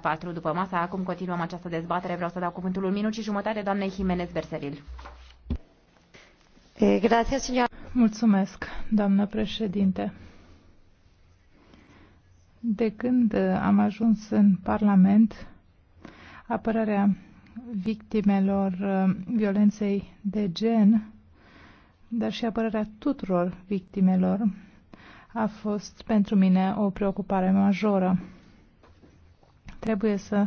4 după masa. Acum continuăm această dezbatere. Vreau să dau cuvântul un minut și jumătate doamnei Jimenez Berseril. Eh, Mulțumesc, doamnă președinte. De când eh, am ajuns în Parlament, apărarea victimelor eh, violenței de gen, dar și apărarea tuturor victimelor, a fost pentru mine o preocupare majoră. Trebuie să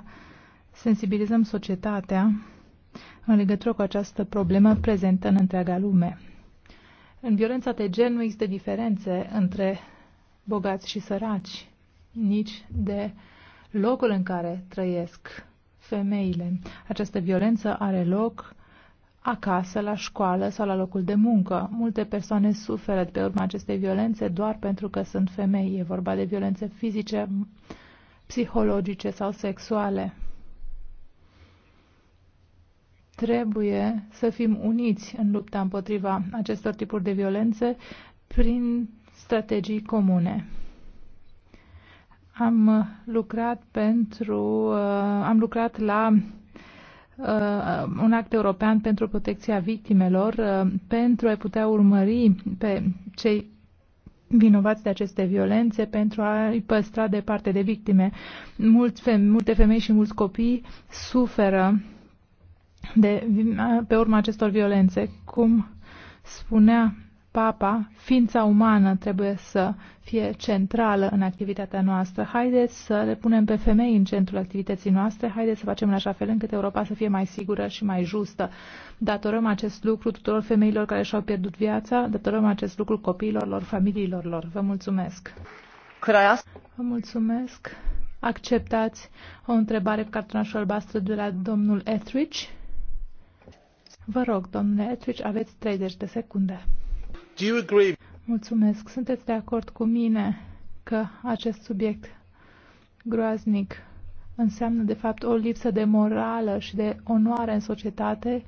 sensibilizăm societatea în legătură cu această problemă prezentă în întreaga lume. În violența de gen nu există diferențe între bogați și săraci, nici de locul în care trăiesc femeile. Această violență are loc acasă, la școală sau la locul de muncă. Multe persoane suferă de pe urma acestei violențe doar pentru că sunt femei. E vorba de violențe fizice, psihologice sau sexuale. Trebuie să fim uniți în lupta împotriva acestor tipuri de violențe prin strategii comune. Am lucrat pentru uh, am lucrat la uh, un act european pentru protecția victimelor uh, pentru a putea urmări pe cei vinovați de aceste violențe pentru a-i păstra departe de victime. Mulți feme- multe femei și mulți copii suferă de, pe urma acestor violențe. Cum spunea Papa, ființa umană trebuie să fie centrală în activitatea noastră. Haideți să le punem pe femei în centrul activității noastre, haideți să facem în așa fel încât Europa să fie mai sigură și mai justă. Datorăm acest lucru tuturor femeilor care și-au pierdut viața, datorăm acest lucru copiilor lor, familiilor lor. Vă mulțumesc! Vă mulțumesc! Acceptați o întrebare cu cartonașul albastră de la domnul Etheridge? Vă rog, domnule Etheridge, aveți 30 de secunde. Do you agree? Mulțumesc. Sunteți de acord cu mine că acest subiect groaznic înseamnă de fapt o lipsă de morală și de onoare în societate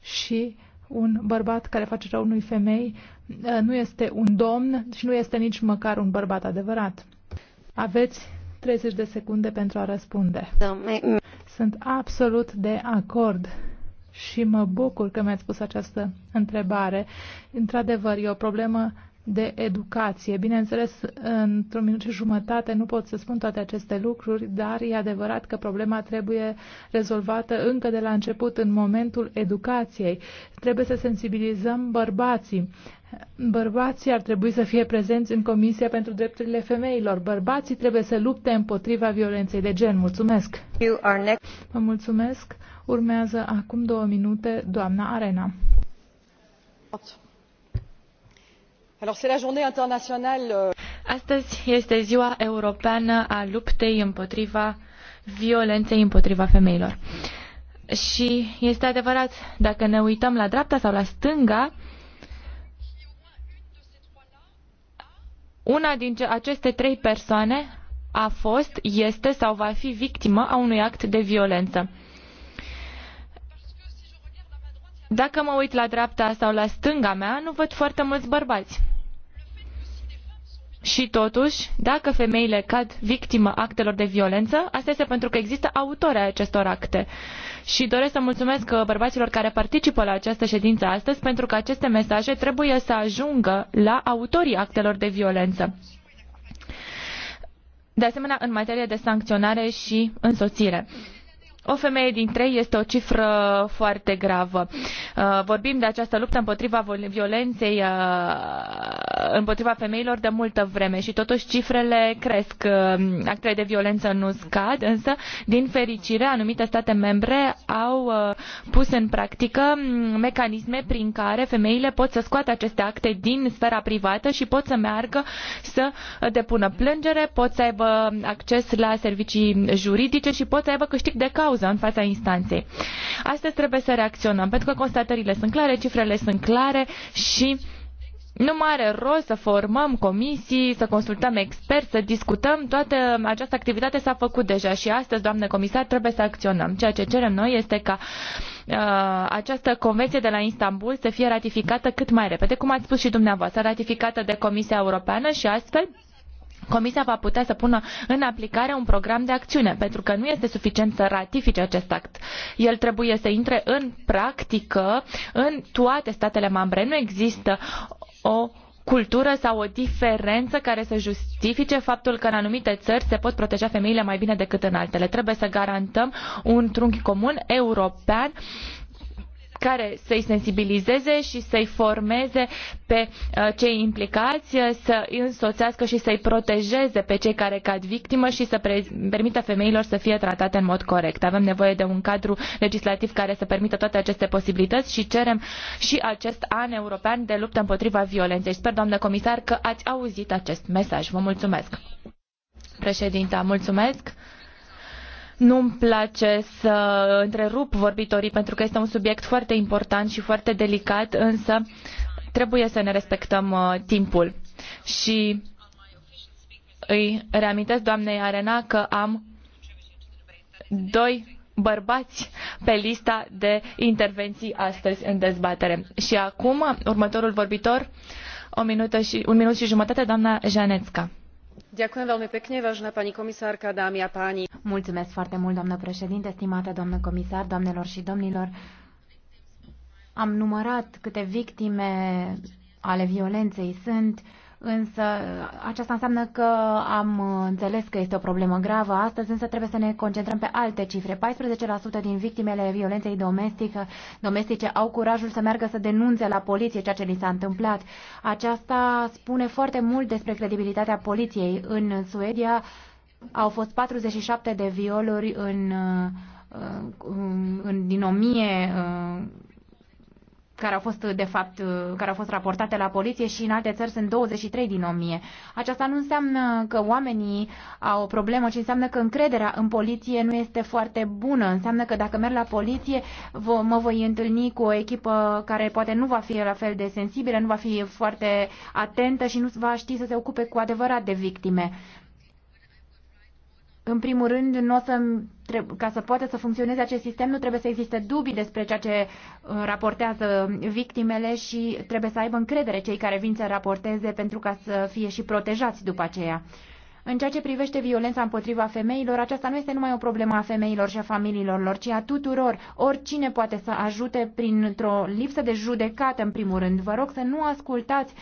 și un bărbat care face rău unui femei uh, nu este un domn și nu este nici măcar un bărbat adevărat. Aveți 30 de secunde pentru a răspunde. Da, Sunt absolut de acord și mă bucur că mi-ați pus această întrebare. Într-adevăr, e o problemă de educație. Bineînțeles, într o minut și jumătate nu pot să spun toate aceste lucruri, dar e adevărat că problema trebuie rezolvată încă de la început, în momentul educației. Trebuie să sensibilizăm bărbații. Bărbații ar trebui să fie prezenți în Comisia pentru Drepturile Femeilor. Bărbații trebuie să lupte împotriva violenței de gen. Mulțumesc! Vă mulțumesc! Urmează acum două minute doamna Arena. Alors c'est la journée internationale. Euh, Astăzi este ziua europeană a luptei împotriva violenței împotriva femeilor. Și este adevărat, dacă ne uităm la dreapta sau la stânga, una din aceste trei persoane a fost, este sau va fi victimă a unui act de violență. Dacă mă uit la dreapta sau la stânga mea, nu văd foarte mulți bărbați. Și totuși, dacă femeile cad victimă actelor de violență, asta este pentru că există autori ai acestor acte. Și doresc să mulțumesc uh, bărbaților care participă la această ședință astăzi, pentru că aceste mesaje trebuie să ajungă la autorii actelor de violență. De asemenea, în materie de sancționare și însoțire. O femeie din trei este o cifră foarte gravă. Uh, vorbim de această luptă împotriva violenței uh, împotriva femeilor de multă vreme și totuși cifrele cresc. Uh, actele de violență nu scad, însă, din fericire, anumite state membre au pus în practică mm, mecanisme prin care femeile pot să scoată aceste acte din sfera privată și pot să meargă să depună plângere, pot să aibă acces la servicii juridice și pot să aibă câștig de cauză cauză în fața instanței. Astăzi trebuie să reacționăm, pentru că constatările sunt clare, cifrele sunt clare și nu mai are rost să formăm comisii, să consultăm experți, să discutăm. Toată această activitate s-a făcut deja și astăzi, doamne comisar, trebuie să acționăm. Ceea ce cerem noi este ca uh, această convenție de la Istanbul să fie ratificată cât mai repede, cum ați spus și dumneavoastră, ratificată de Comisia Europeană și astfel Comisia va putea să pună în aplicare un program de acțiune, pentru că nu este suficient să ratifice acest act. El trebuie să intre în practică în toate statele membre. Nu există o cultură sau o diferență care să justifice faptul că în anumite țări se pot proteja femeile mai bine decât în altele. Trebuie să garantăm un trunchi comun european care să-i sensibilizeze și să-i formeze pe uh, cei implicați, uh, să îi însoțească și să-i protejeze pe cei care cad victimă și să permită femeilor să fie tratate în mod corect. Avem nevoie de un cadru legislativ care să permită toate aceste posibilități și cerem și acest an european de luptă împotriva violenței. Sper, doamnă comisar, că ați auzit acest mesaj. Vă mulțumesc. Președinta, mulțumesc. Nu-mi place să întrerup vorbitorii pentru că este un subiect foarte important și foarte delicat, însă trebuie să ne respectăm uh, timpul. Și îi reamintesc doamnei Arena că am doi bărbați pe lista de intervenții astăzi în dezbatere. Și acum, următorul vorbitor, o minută și, un minut și jumătate, doamna Janețca. Mulțumesc foarte mult, doamnă președinte, stimată doamnă comisar, doamnelor și domnilor. Am numărat câte victime ale violenței sunt Însă aceasta înseamnă că am înțeles că este o problemă gravă astăzi, însă trebuie să ne concentrăm pe alte cifre. 14% din victimele violenței domestice, domestice au curajul să meargă să denunțe la poliție ceea ce li s-a întâmplat. Aceasta spune foarte mult despre credibilitatea poliției. În Suedia au fost 47 de violuri în, uh, în, din 1000 care au fost, de fapt, care au fost raportate la poliție și în alte țări sunt 23 din 1000. Aceasta nu înseamnă că oamenii au o problemă, ci înseamnă că încrederea în poliție nu este foarte bună. Înseamnă că dacă merg la poliție, mă voi întâlni cu o echipă care poate nu va fi la fel de sensibilă, nu va fi foarte atentă și nu va ști să se ocupe cu adevărat de victime. În primul rând, nu o să, ca să poată să funcționeze acest sistem, nu trebuie să existe dubii despre ceea ce uh, raportează victimele și trebuie să aibă încredere cei care vin să raporteze pentru ca să fie și protejați după aceea. În ceea ce privește violența împotriva femeilor, aceasta nu este numai o problemă a femeilor și a familiilor lor, ci a tuturor. Oricine poate să ajute printr-o lipsă de judecată, în primul rând. Vă rog să nu ascultați,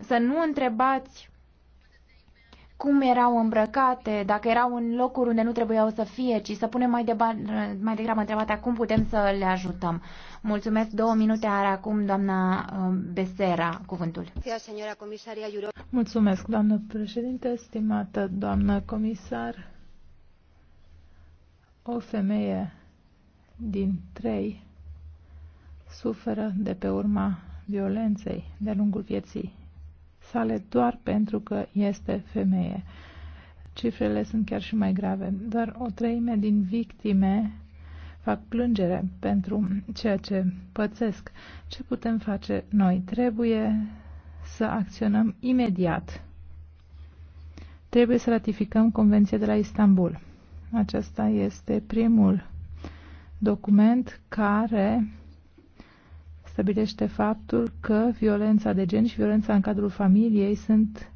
să nu întrebați cum erau îmbrăcate, dacă erau în locuri unde nu trebuiau să fie, ci să punem mai, deba, mai degrabă întrebarea cum putem să le ajutăm. Mulțumesc. Două minute are acum doamna um, Besera cuvântul. Mulțumesc, doamnă președinte, stimată doamnă comisar. O femeie din trei suferă de pe urma violenței de lungul vieții sale doar pentru că este femeie. Cifrele sunt chiar și mai grave. Doar o treime din victime fac plângere pentru ceea ce pățesc. Ce putem face noi? Trebuie să acționăm imediat. Trebuie să ratificăm Convenția de la Istanbul. Acesta este primul document care stabilește faptul că violența de gen și violența în cadrul familiei sunt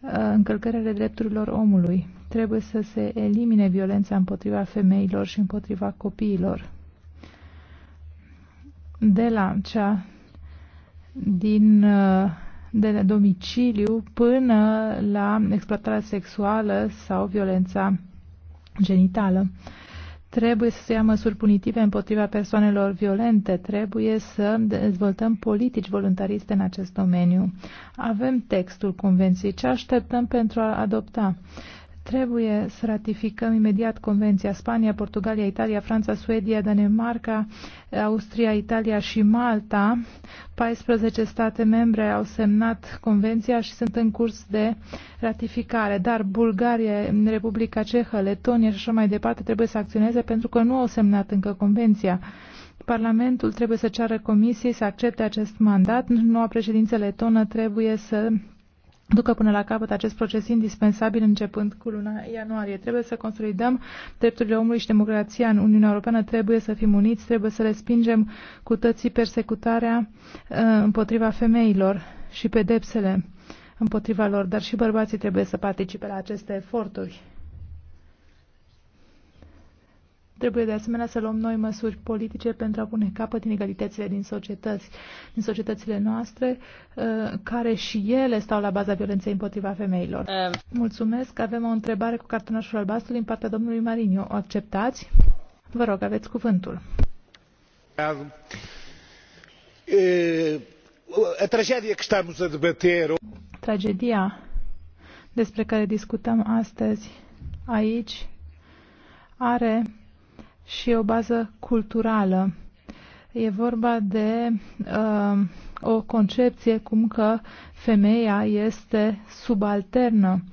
uh, încălcările drepturilor omului. Trebuie să se elimine violența împotriva femeilor și împotriva copiilor. De la cea din uh, de la domiciliu până la exploatarea sexuală sau violența genitală. Trebuie să se ia măsuri punitive împotriva persoanelor violente, trebuie să dezvoltăm politici voluntariste în acest domeniu. Avem textul convenției. Ce așteptăm pentru a adopta? Trebuie să ratificăm imediat Convenția Spania, Portugalia, Italia, Franța, Suedia, Danemarca, Austria, Italia și Malta. 14 state membre au semnat Convenția și sunt în curs de ratificare, dar Bulgaria, Republica Cehă, Letonia și așa mai departe trebuie să acționeze pentru că nu au semnat încă Convenția. Parlamentul trebuie să ceară Comisiei să accepte acest mandat. Noua președință letonă trebuie să ducă până la capăt acest proces indispensabil începând cu luna ianuarie. Trebuie să consolidăm drepturile omului și democrația în Uniunea Europeană, trebuie să fim uniți, trebuie să respingem cu tății persecutarea uh, împotriva femeilor și pedepsele împotriva lor, dar și bărbații trebuie să participe la aceste eforturi. Trebuie de asemenea să luăm noi măsuri politice pentru a pune capăt inegalitățile din societăți, din societățile noastre, uh, care și ele stau la baza violenței împotriva femeilor. Uh. Mulțumesc. Avem o întrebare cu cartonașul albastru din partea domnului Mariniu. O acceptați? Vă rog, aveți cuvântul. Uh, tragedia despre care discutăm astăzi aici are și o bază culturală. E vorba de uh, o concepție cum că femeia este subalternă.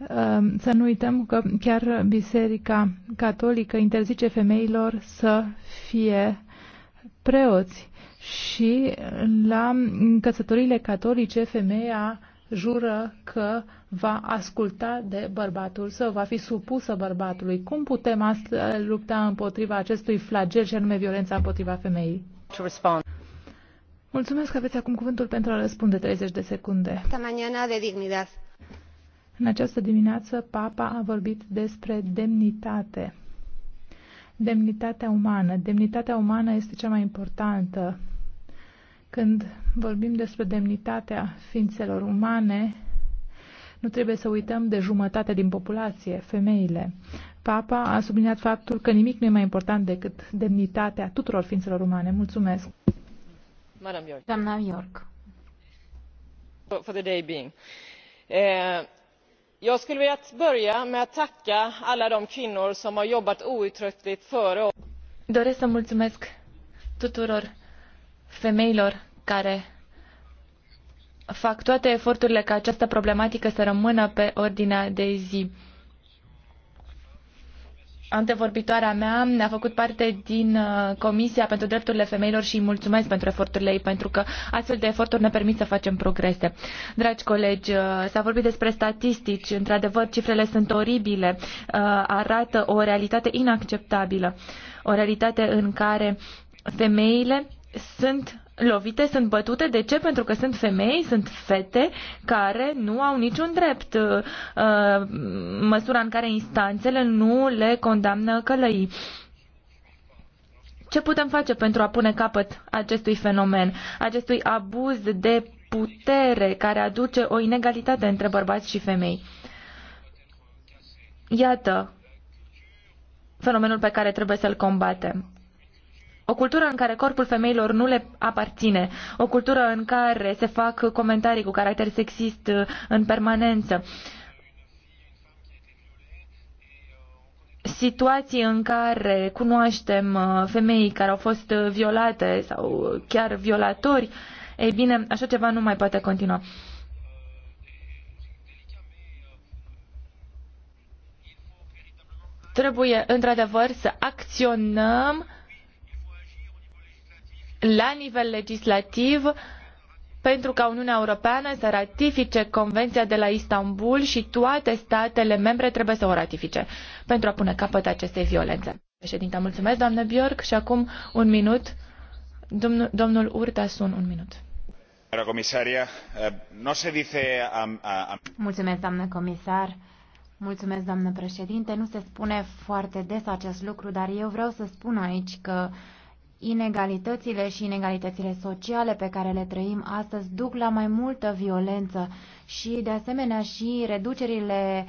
Uh, să nu uităm că chiar Biserica Catolică interzice femeilor să fie preoți și la căsătorile catolice femeia jură că va asculta de bărbatul său, va fi supusă bărbatului. Cum putem astfel lupta împotriva acestui flagel și anume violența împotriva femeii? Mulțumesc că aveți acum cuvântul pentru a răspunde 30 de secunde. de dignitate. În această dimineață, Papa a vorbit despre demnitate. Demnitatea umană. Demnitatea umană este cea mai importantă când vorbim despre demnitatea ființelor umane, nu trebuie să uităm de jumătate din populație, femeile. Papa a subliniat faptul că nimic nu e mai important decât demnitatea tuturor ființelor umane. Mulțumesc! York. Doamna York. For day being. Eh, jag skulle vilja börja med att tacka alla de kvinnor som har jobbat outtröttligt före oss. Doresc să mulțumesc tuturor femeilor care fac toate eforturile ca această problematică să rămână pe ordinea de zi. Antevorbitoarea mea a făcut parte din uh, Comisia pentru Drepturile Femeilor și îi mulțumesc pentru eforturile ei, pentru că astfel de eforturi ne permit să facem progrese. Dragi colegi, uh, s-a vorbit despre statistici. Într-adevăr, cifrele sunt oribile, uh, arată o realitate inacceptabilă, o realitate în care femeile sunt lovite, sunt bătute. De ce? Pentru că sunt femei, sunt fete care nu au niciun drept Uh, măsura în care instanțele nu le condamnă călăii. Ce putem face pentru a pune capăt acestui fenomen, acestui abuz de putere care aduce o inegalitate între bărbați și femei? Iată fenomenul pe care trebuie să-l combatem. O cultură în care corpul femeilor nu le aparține, o cultură în care se fac comentarii cu caracter sexist uh, în permanență, situații în care cunoaștem uh, femei care au fost uh, violate sau chiar violatori, ei bine, așa ceva nu mai poate continua. Trebuie, într-adevăr, să acționăm la nivel legislativ pentru ca Uniunea Europeană să ratifice Convenția de la Istanbul și toate statele membre trebuie să o ratifice pentru a pune capăt acestei violențe. Președinte, mulțumesc, doamnă Bjork, și acum un minut. Domnul, domnul Urtasun, un minut. Eh, se Mulțumesc, doamnă comisar. Mulțumesc, doamnă președinte. Nu se spune foarte des acest lucru, dar eu vreau să spun aici că Inegalitățile și inegalitățile sociale pe care le trăim astăzi duc la mai multă violență și, de asemenea, și reducerile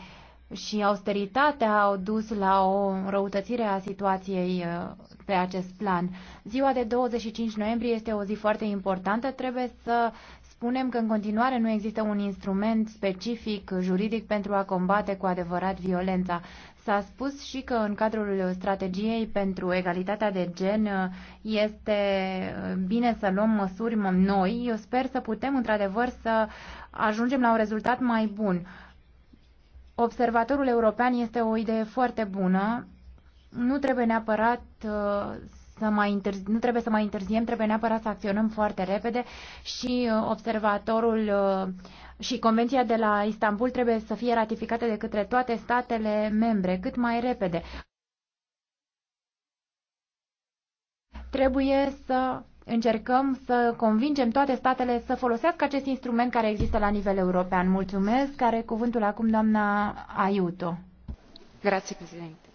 și austeritatea au dus la o răutățire a situației uh, pe acest plan. Ziua de 25 noiembrie este o zi foarte importantă. Trebuie să spunem că în continuare nu există un instrument specific juridic pentru a combate cu adevărat violența. S-a spus și că în cadrul strategiei pentru egalitatea de gen uh, este uh, bine să luăm măsuri noi. Eu sper să putem într-adevăr să ajungem la un rezultat mai bun. Observatorul european este o idee foarte bună. Nu trebuie neapărat uh, să mai interzi, nu trebuie să mai interziem, trebuie neapărat să acționăm foarte repede și uh, observatorul uh, și Convenția de la Istanbul trebuie să fie ratificată de către toate statele membre cât mai repede. Trebuie să încercăm să convingem toate statele să folosească acest instrument care există la nivel european. Mulțumesc. Care cuvântul acum doamna Aiuto. Grazie, președinte.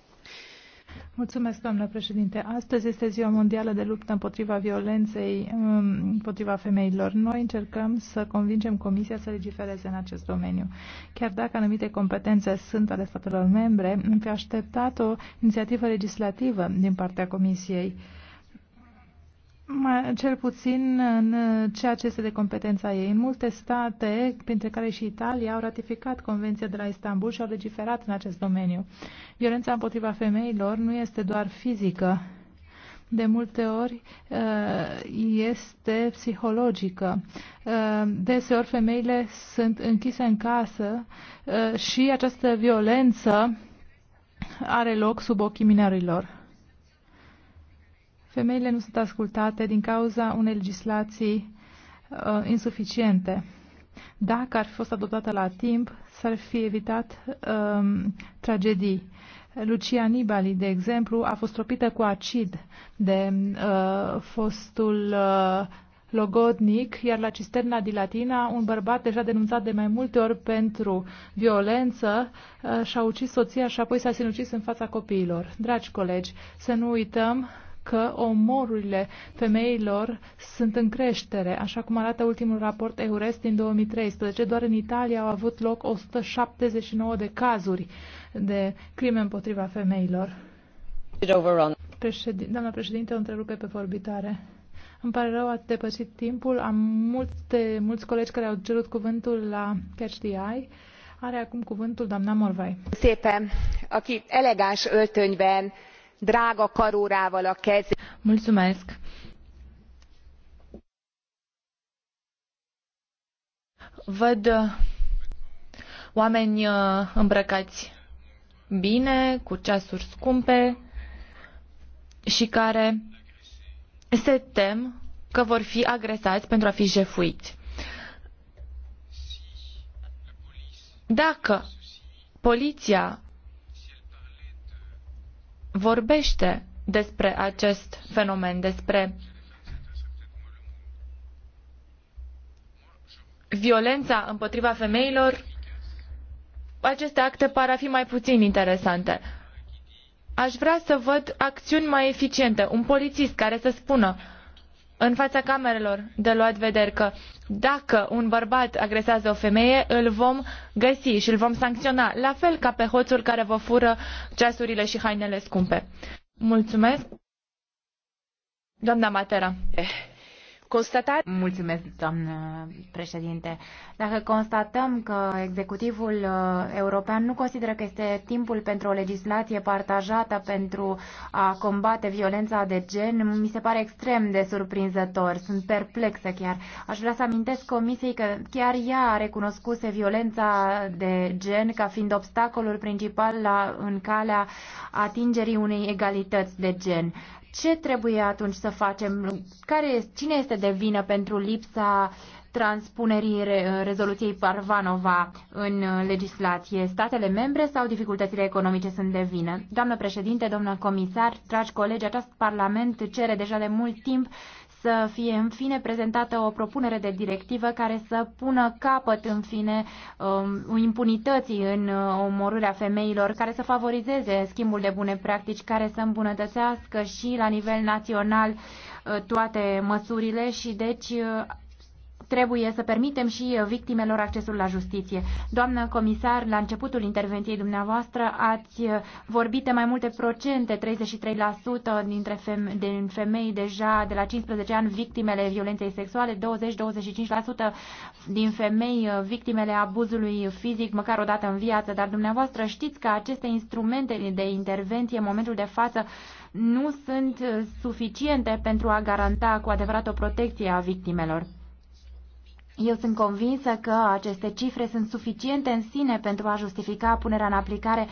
Mulțumesc, doamnă președinte. Astăzi este Ziua Mondială de Luptă împotriva violenței um, împotriva femeilor. Noi încercăm să convingem Comisia să legifereze în acest domeniu. Chiar dacă anumite competențe sunt ale statelor membre, îmi fi așteptat o inițiativă legislativă din partea Comisiei cel puțin în ceea ce este de competența ei. În multe state, printre care și Italia, au ratificat Convenția de la Istanbul și au legiferat în acest domeniu. Violența împotriva femeilor nu este doar fizică, de multe ori uh, este psihologică. Uh, deseori femeile sunt închise în casă uh, și această violență are loc sub ochii minerilor. Femeile nu sunt ascultate din cauza unei legislații uh, insuficiente. Dacă ar fi fost adoptată la timp, s-ar fi evitat um, tragedii. Lucia Nibali, de exemplu, a fost tropită cu acid de uh, fostul uh, logodnic, iar la cisterna din Latina, un bărbat deja denunțat de mai multe ori pentru violență uh, și-a ucis soția și apoi s-a sinucis în fața copiilor. Dragi colegi, să nu uităm că omorurile femeilor sunt în creștere, așa cum arată ultimul raport EURES din 2013. Doar în Italia au avut loc 179 de cazuri de crime împotriva femeilor. Președin, doamna președinte, o întrerupe pe vorbitare. Îmi pare rău, a depășit timpul. Am multe, mulți colegi care au cerut cuvântul la Catch the Eye. Are acum cuvântul doamna Morvai. Szépen, aki elegáns öltönyben drága karórával a kez. Mulțumesc. Văd uh, oameni uh, îmbrăcați bine, cu ceasuri scumpe și care se tem că vor fi agresați pentru a fi jefuiți. Dacă poliția vorbește despre acest fenomen, despre violența împotriva femeilor, aceste acte par a fi mai puțin interesante. Aș vrea să văd acțiuni mai eficiente, un polițist care să spună în fața camerelor de luat vederi că dacă un bărbat agresează o femeie, îl vom găsi și îl vom sancționa, la fel ca pe hoțul care vă fură ceasurile și hainele scumpe. Mulțumesc. Doamna Matera. Eh constatat... Mulțumesc, doamnă președinte. Dacă constatăm că executivul uh, european nu consideră că este timpul pentru o legislație partajată pentru a combate violența de gen, mi se pare extrem de surprinzător. Sunt perplexă chiar. Aș vrea să amintesc Comisiei că chiar ea a recunoscut violența de gen ca fiind obstacolul principal la, în calea atingerii unei egalități de gen. Ce trebuie atunci să facem? Care, cine este de vină pentru lipsa transpunerii re, rezoluției Parvanova în uh, legislație. Statele membre sau dificultățile economice sunt de vină? Doamnă președinte, doamnă comisar, dragi colegi, acest parlament cere deja de mult timp să fie în fine prezentată o propunere de directivă care să pună capăt în fine um, impunității în uh, omorârea femeilor, care să favorizeze schimbul de bune practici, care să îmbunătățească și la nivel național uh, toate măsurile și deci trebuie să permitem și uh, victimelor accesul la justiție. Doamnă comisar, la începutul intervenției dumneavoastră ați uh, vorbit de mai multe procente, 33% dintre feme- din femei deja de la 15 ani victimele violenței sexuale, 20-25% din femei uh, victimele abuzului fizic măcar o dată în viață, dar dumneavoastră știți că aceste instrumente de intervenție în momentul de față nu sunt suficiente pentru a garanta cu adevărat o protecție a victimelor. Eu sunt convinsă că aceste cifre sunt suficiente în sine pentru a justifica punerea în aplicare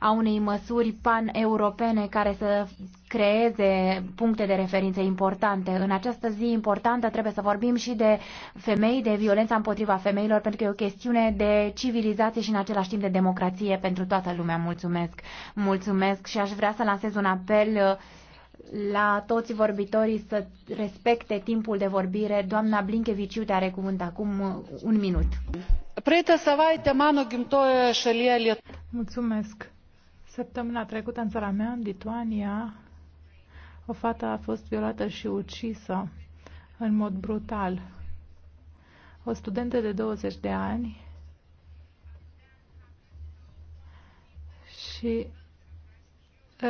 a unei măsuri pan-europene care să creeze puncte de referință importante. În această zi importantă trebuie să vorbim și de femei, de violența împotriva femeilor, pentru că e o chestiune de civilizație și în același timp de democrație pentru toată lumea. Mulțumesc! Mulțumesc și aș vrea să lansez un apel uh, la toți vorbitorii să respecte timpul de vorbire. Doamna Blinkeviciu are cuvânt acum uh, un minut. Prietă să vaite mano gimtoje șelieli. Mulțumesc. Săptămâna trecută în țara mea, în Lituania, o fată a fost violată și ucisă în mod brutal. O studentă de 20 de ani și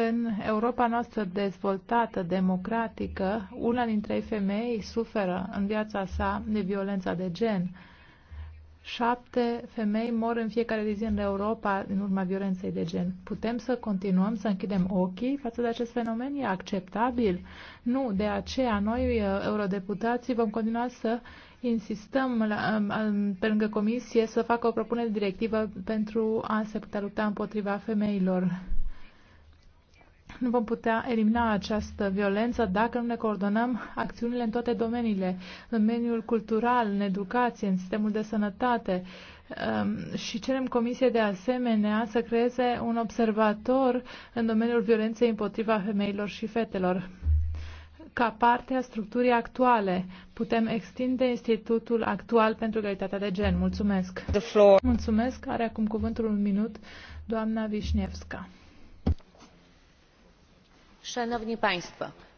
în Europa noastră dezvoltată, democratică, una dintre femei suferă în viața sa de violența de gen. Șapte femei mor în fiecare zi în Europa în urma violenței de gen. Putem să continuăm să închidem ochii față de acest fenomen? E acceptabil? Nu, de aceea noi, eurodeputații, vom continua să insistăm la, pe lângă comisie să facă o propunere directivă pentru a se putea lupta împotriva femeilor nu vom putea elimina această violență dacă nu ne coordonăm acțiunile în toate domeniile, în domeniul cultural, în educație, în sistemul de sănătate um, și cerem Comisiei de asemenea să creeze un observator în domeniul violenței împotriva femeilor și fetelor. Ca parte a structurii actuale, putem extinde Institutul actual pentru egalitatea de gen. Mulțumesc! Mulțumesc! Are acum cuvântul un minut doamna Vișnevska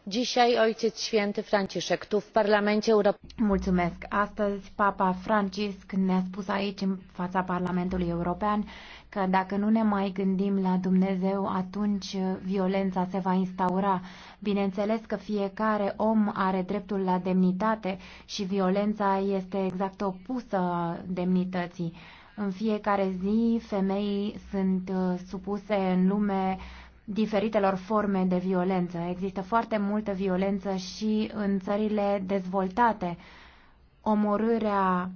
dzisiaj ojciec święty franciszek tu w parlamencie europejskim. astăzi papa francisc ne a spus aici în fața parlamentului european că dacă nu ne mai gândim la dumnezeu atunci violența se va instaura. bineînțeles că fiecare om are dreptul la demnitate și violența este exact opusă demnității. în fiecare zi femei sunt uh, supuse în lume diferitelor forme de violență. Există foarte multă violență și în țările dezvoltate. Omorârea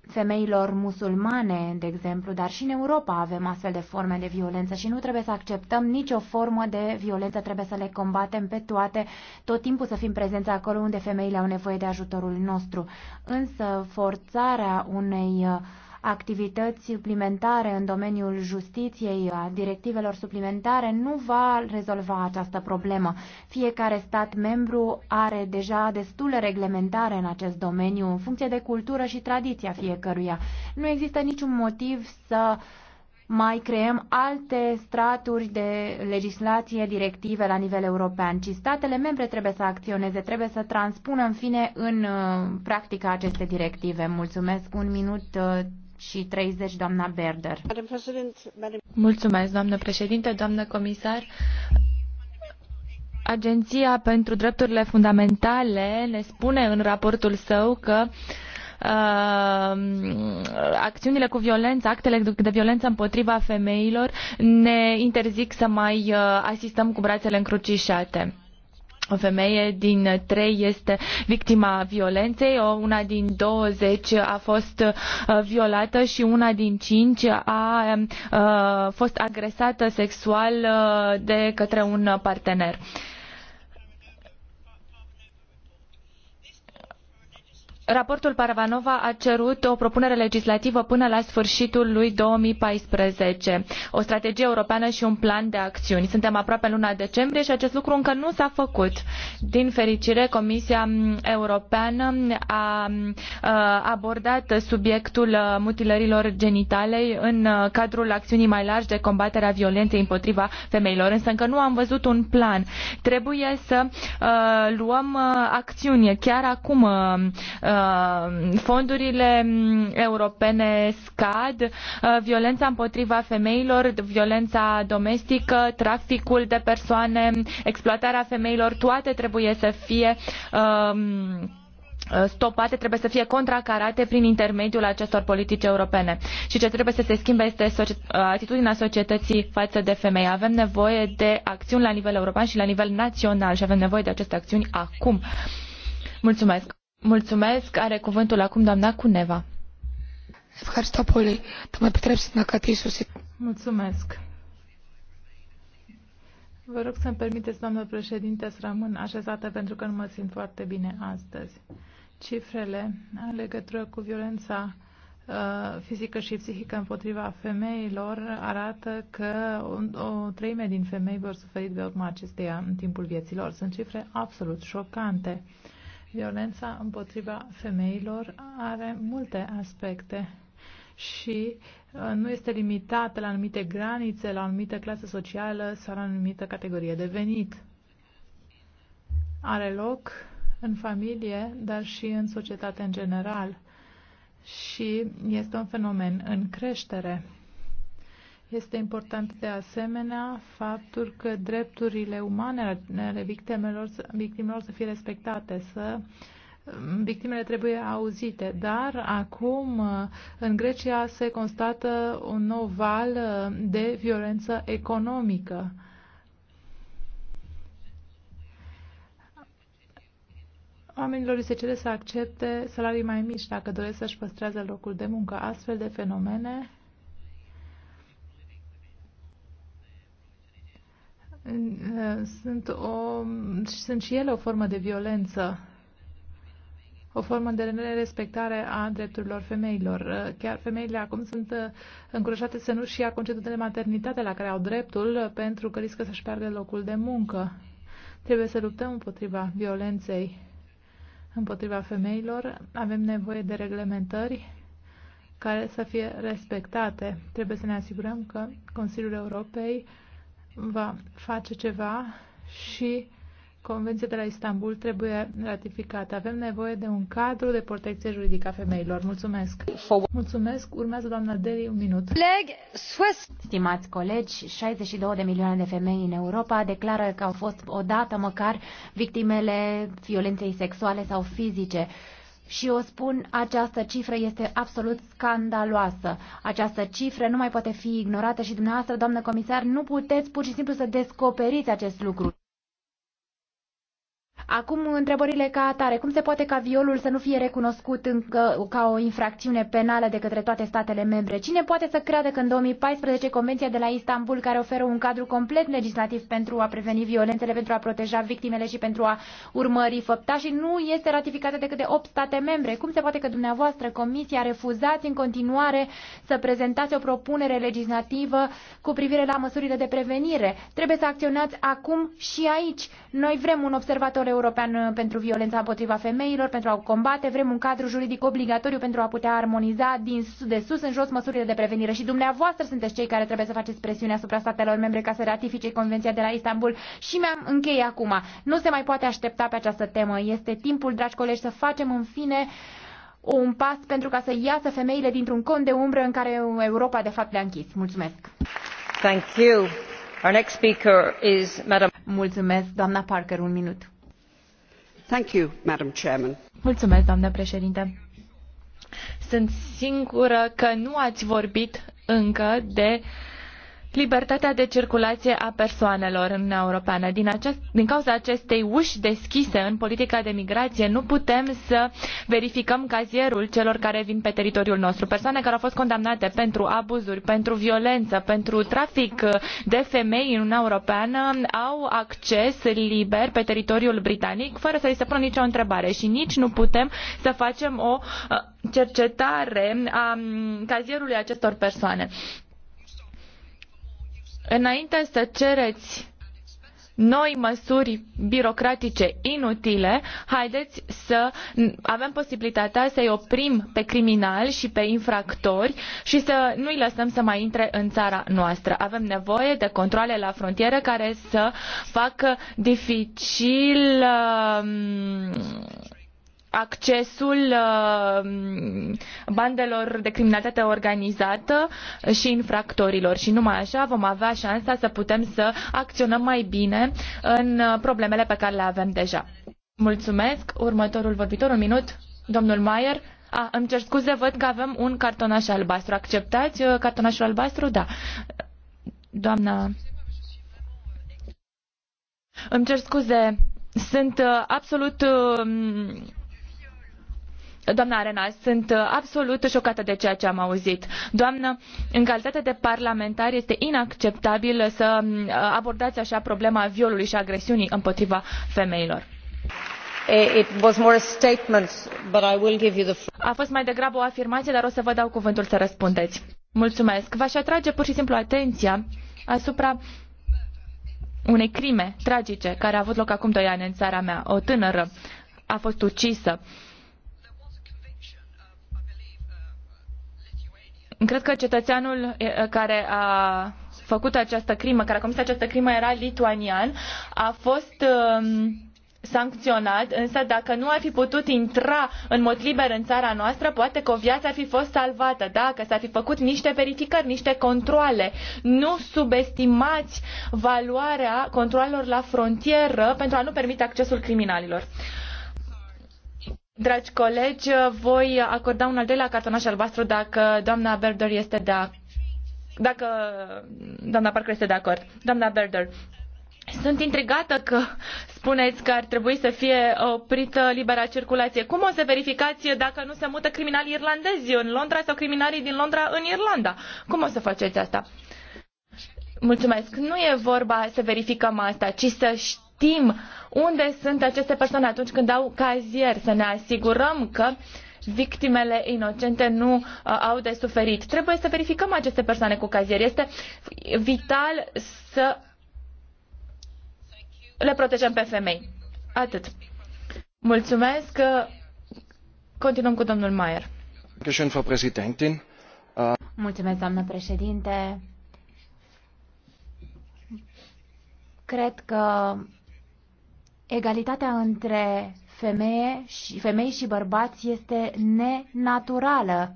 femeilor musulmane, de exemplu, dar și în Europa avem astfel de forme de violență și nu trebuie să acceptăm nicio formă de violență, trebuie să le combatem pe toate, tot timpul să fim prezenți acolo unde femeile au nevoie de ajutorul nostru. Însă forțarea unei uh, activități suplimentare în domeniul justiției, a directivelor suplimentare, nu va rezolva această problemă. Fiecare stat membru are deja destulă reglementare în acest domeniu, în funcție de cultură și tradiția fiecăruia. Nu există niciun motiv să mai creăm alte straturi de legislație, directive la nivel european, ci statele membre trebuie să acționeze, trebuie să transpună în fine în uh, practică aceste directive. Mulțumesc un minut uh, și 30, doamna Berder. Mulțumesc, doamnă președinte, doamnă comisar. Agenția pentru Drepturile Fundamentale ne spune în raportul său că uh, acțiunile cu violență, actele de violență împotriva femeilor ne interzic să mai uh, asistăm cu brațele încrucișate o femeie din trei este victima violenței, una din 20 a fost uh, violată și una din cinci a uh, fost agresată sexual uh, de către un partener. Raportul Parvanova a cerut o propunere legislativă până la sfârșitul lui 2014, o strategie europeană și un plan de acțiuni. Suntem aproape în luna decembrie și acest lucru încă nu s-a făcut. Din fericire, Comisia Europeană a abordat subiectul mutilărilor genitale în cadrul acțiunii mai largi de combatere a violenței împotriva femeilor, însă încă nu am văzut un plan. Trebuie să luăm acțiuni chiar acum Uh, fondurile mm, europene scad, uh, violența împotriva femeilor, violența domestică, traficul de persoane, exploatarea femeilor, toate trebuie să fie um, stopate, trebuie să fie contracarate prin intermediul acestor politici europene. Și ce trebuie să se schimbe este atitudinea societății față de femei. Avem nevoie de acțiuni la nivel european și la nivel național și avem nevoie de aceste acțiuni acum. Mulțumesc! Mulțumesc. Are cuvântul acum doamna Cuneva. Mulțumesc. Vă rog să-mi permiteți, doamnă președinte, să rămân așezată pentru că nu mă simt foarte bine astăzi. Cifrele în legătură cu violența uh, fizică și psihică împotriva femeilor arată că o treime din femei vor suferi de urma acesteia în timpul vieților. Sunt cifre absolut șocante. Uh, Violența împotriva femeilor are multe aspecte și uh, nu este limitată la anumite granițe, la anumită clasă socială sau la anumită categorie de venit. Are loc în familie, dar și în societate în general și este un fenomen în creștere. Este important de asemenea faptul că drepturile umane ale victimelor, victimelor să fie respectate, să mm, victimele trebuie auzite, dar acum uh, în Grecia se constată un nou val uh, de violență economică. Oamenilor li se cere să accepte salarii mai mici dacă doresc să-și păstreze locul de muncă. Astfel de fenomene sunt, o, sunt și ele o formă de violență, o formă de nerespectare a drepturilor femeilor. Chiar femeile acum sunt uh, încurajate să nu-și ia concedul de maternitate la care au dreptul pentru că riscă să-și piardă locul de muncă. Trebuie să luptăm împotriva violenței împotriva femeilor. Avem nevoie de reglementări care să fie respectate. Trebuie să ne asigurăm că Consiliul Europei va face ceva și Convenția de la Istanbul trebuie ratificată. Avem nevoie de un cadru de protecție juridică a femeilor. Mulțumesc! Mulțumesc! Urmează doamna Deli un minut. Stimați colegi, 62 de milioane de femei în Europa declară că au fost odată măcar victimele violenței sexuale sau fizice. Și o spun, această cifră este absolut scandaloasă. Această cifră nu mai poate fi ignorată și dumneavoastră, doamnă comisar, nu puteți pur și simplu să descoperiți acest lucru. Acum, întrebările ca atare. Cum se poate ca violul să nu fie recunoscut încă ca o infracțiune penală de către toate statele membre? Cine poate să creadă că în 2014 Convenția de la Istanbul, care oferă un cadru complet legislativ pentru a preveni violențele, pentru a proteja victimele și pentru a urmări făptașii, nu este ratificată decât de 8 state membre? Cum se poate că dumneavoastră, Comisia, refuzați în continuare să prezentați o propunere legislativă cu privire la măsurile de prevenire? Trebuie să acționați acum și aici. Noi vrem un observator european pentru violența împotriva femeilor, pentru a o combate. Vrem un cadru juridic obligatoriu pentru a putea armoniza din, de sus în jos măsurile de prevenire. Și dumneavoastră sunteți cei care trebuie să faceți presiune asupra statelor membre ca să ratifice Convenția de la Istanbul. Și mi-am încheiat acum. Nu se mai poate aștepta pe această temă. Este timpul, dragi colegi, să facem în fine un pas pentru ca să iasă femeile dintr-un cont de umbră în care Europa de fapt le-a închis. Mulțumesc! Thank you. Our next speaker is Madam... Mulțumesc, doamna Parker, un minut Mulțumesc, doamnă președinte. Sunt sigură că nu ați vorbit încă de uh, libertatea de circulație a persoanelor în Uniunea Europeană. Din, acest, din cauza acestei uși deschise în politica de migrație, nu putem să verificăm cazierul celor care vin pe teritoriul nostru. Persoane care au fost condamnate pentru abuzuri, pentru violență, pentru trafic de femei în Uniunea Europeană au acces liber pe teritoriul britanic, fără să li se pună nicio întrebare și nici nu putem să facem o uh, cercetare a mm, cazierului acestor persoane înainte să cereți noi măsuri birocratice inutile, haideți să avem posibilitatea să-i oprim pe criminali și pe infractori și să nu-i lăsăm să mai intre în țara noastră. Avem nevoie de controle la frontieră care să facă dificil um, accesul uh, bandelor de criminalitate organizată și infractorilor și numai așa vom avea șansa să putem să acționăm mai bine în uh, problemele pe care le avem deja. Mulțumesc. Următorul vorbitor, un minut, domnul Mayer. A, îmi cer scuze, văd că avem un cartonaș albastru. Acceptați uh, cartonașul albastru? Da. Doamna... Îmi cer scuze, sunt absolut um, Doamna arenas sunt uh, absolut ocată de ceea ce am auzit. Doamnă, în calitate de parlamentar este inacceptabil să mm, uh, abordați așa problema violului și agresiunii împotriva femeilor. A fost mai degrabă o afirmație, dar o să vă dau cuvântul să răspundeți. Mulțumesc. V-aș atrage pur și simplu atenția asupra unei crime tragice care a avut loc acum doi ani în țara mea. O tânără a fost ucisă Cred că cetățeanul care a făcut această crimă, care a comis această crimă era lituanian, a fost um, sancționat, însă dacă nu ar fi putut intra în mod liber în țara noastră, poate că o viață ar fi fost salvată, dacă s-ar fi făcut niște verificări, niște controle. Nu subestimați valoarea controlelor la frontieră pentru a nu permite accesul criminalilor. Dragi colegi, voi acorda un al doilea cartonaș albastru dacă doamna Berder este de acord. Dacă doamna Parker este de acord. Doamna Berder, sunt intrigată că spuneți că ar trebui să fie oprită libera circulație. Cum o să verificați dacă nu se mută criminalii irlandezi în Londra sau criminalii din Londra în Irlanda? Cum o să faceți asta? Mulțumesc. Nu e vorba să verificăm asta, ci să știm știm unde sunt aceste persoane atunci când au cazier, să ne asigurăm că victimele inocente nu uh, au de suferit. Trebuie să verificăm aceste persoane cu cazier. Este vital să le protejăm pe femei. Atât. Mulțumesc. Continuăm cu domnul Maier. Uh, Mulțumesc, doamnă președinte. Cred că Egalitatea între femeie și, femei și bărbați este nenaturală.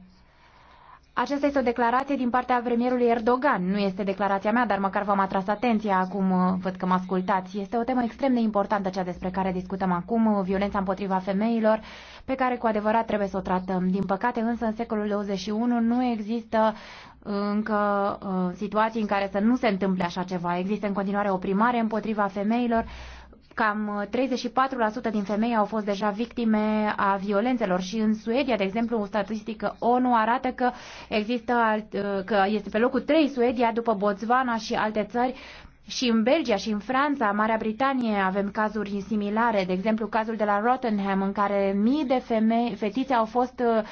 Aceasta este o declarație din partea premierului Erdogan. Nu este declarația mea, dar măcar v-am atras atenția acum, uh, văd că mă ascultați. Este o temă extrem de importantă cea despre care discutăm acum, uh, violența împotriva femeilor, pe care cu adevărat trebuie să o tratăm. Din păcate însă în secolul 21 nu există uh, încă situații în care să nu se întâmple așa ceva. Există în continuare o primare împotriva femeilor, Cam 34% uh, din femei au fost deja victime a violențelor și în Suedia, de exemplu, o statistică ONU arată că există uh, că este pe locul 3 Suedia după Botswana și alte țări și în Belgia și în Franța, Marea Britanie, avem cazuri similare, de exemplu cazul de la Rottenham, în care mii de femei, fetițe au fost uh,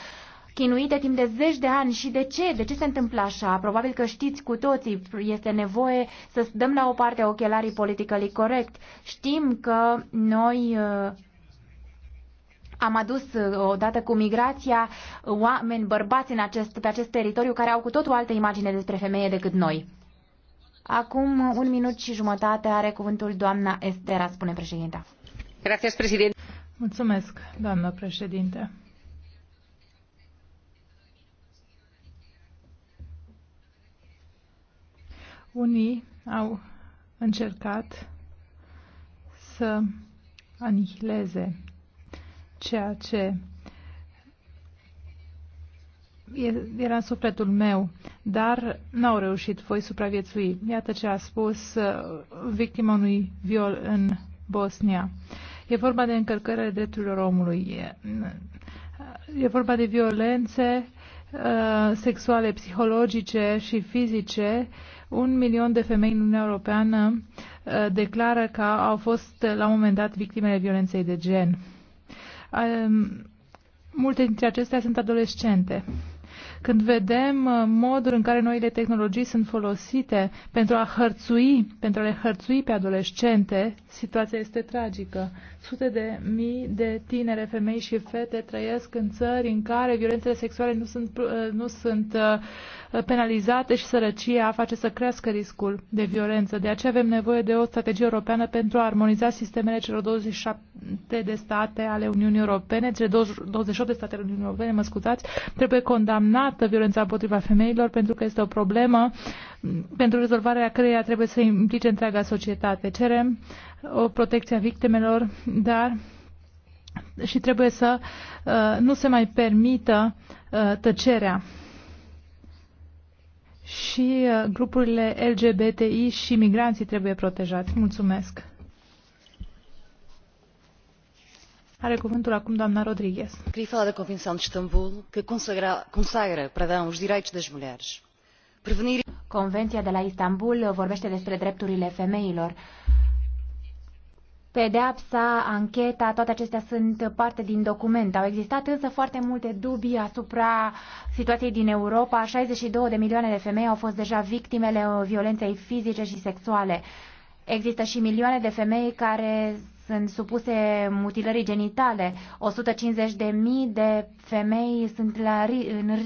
chinuite timp de zeci de ani și de ce? De ce se întâmplă așa? Probabil că știți cu toții, este nevoie să dăm la o parte ochelarii politically corect. Știm că noi uh, am adus uh, odată cu migrația uh, oameni bărbați în acest, pe acest teritoriu care au cu totul altă imagine despre femeie decât noi. Acum un minut și jumătate are cuvântul doamna Estera, spune președinta. Mulțumesc, doamnă președinte. Unii au încercat să anihileze ceea ce era în sufletul meu, dar n-au reușit, voi supraviețui. Iată ce a spus uh, victima unui viol în Bosnia. E vorba de încălcările drepturilor omului. E vorba de violențe uh, sexuale, psihologice și fizice un milion de femei în Uniunea Europeană uh, declară că au fost uh, la un moment dat victimele violenței de gen. Um, multe dintre acestea sunt adolescente. Când vedem uh, modul în care noile tehnologii sunt folosite pentru a hărțui, pentru a le hărțui pe adolescente, situația este tragică. Sute de mii de tinere femei și fete trăiesc în țări în care violențele sexuale nu sunt, nu sunt penalizate și sărăcia face să crească riscul de violență. De aceea avem nevoie de o strategie europeană pentru a armoniza sistemele celor 27 de state ale Uniunii Europene, cele 28 de state ale Uniunii Europene, mă scuzați, trebuie condamnată violența împotriva femeilor pentru că este o problemă pentru rezolvarea căreia trebuie să implice întreaga societate. Cerem o protecție a victimelor, dar și trebuie să uh, nu se mai permită uh, tăcerea și uh, grupurile LGBTI și migranții trebuie protejați. Mulțumesc! Are cuvântul acum doamna Rodriguez. Queria falar da Convenção de Istambul, que consagra, consagra perdão, os direitos das mulheres. Prevenir... Convenția de la Istanbul vorbește despre drepturile femeilor. Pedeapsa, ancheta, toate acestea sunt parte din document. Au existat însă foarte multe dubii asupra situației din Europa. 62 de milioane de femei au fost deja victimele uh, violenței fizice și sexuale. Există și milioane de femei care sunt supuse mutilării genitale. 150 de mii de femei sunt, la, în,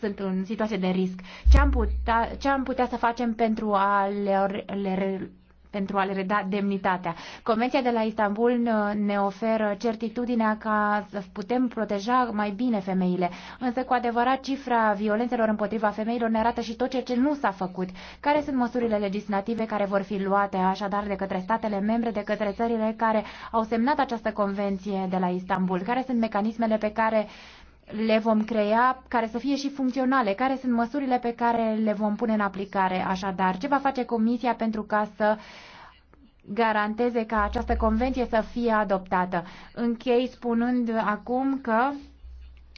sunt în situație de risc. Ce am putea, ce am putea să facem pentru a le, le pentru a le reda demnitatea. Convenția de la Istanbul uh, ne oferă certitudinea ca să putem proteja mai bine femeile, însă cu adevărat cifra violențelor împotriva femeilor ne arată și tot ceea ce nu s-a făcut. Care sunt măsurile legislative care vor fi luate așadar de către statele membre, de către țările care au semnat această convenție de la Istanbul? Care sunt mecanismele pe care le vom crea, care să fie și funcționale, care sunt măsurile pe care le vom pune în aplicare așadar. Ce va face Comisia pentru ca să garanteze ca această convenție să fie adoptată? Închei spunând acum că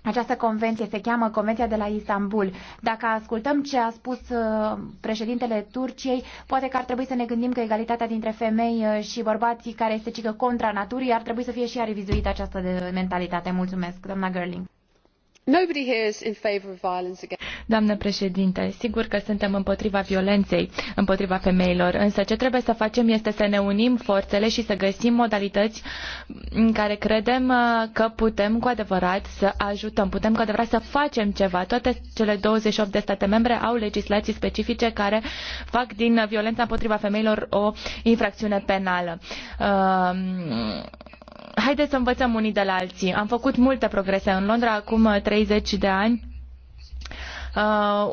această convenție se cheamă Convenția de la Istanbul. Dacă ascultăm ce a spus uh, președintele Turciei, poate că ar trebui să ne gândim că egalitatea dintre femei uh, și bărbații care este cică contra naturii ar trebui să fie și a revizuită această uh, mentalitate. Mulțumesc, doamna Gerling. Doamnă președinte, sigur că suntem împotriva violenței împotriva femeilor, însă ce trebuie să facem este să ne unim forțele și să găsim modalități în care credem uh, că putem cu adevărat să ajutăm, putem cu adevărat să facem ceva. Toate cele 28 de state membre au legislații specifice care fac din violența împotriva femeilor o infracțiune penală. Uh, Haideți să învățăm unii de la alții. Am făcut multe progrese în Londra acum 30 uh, de ani. Uh,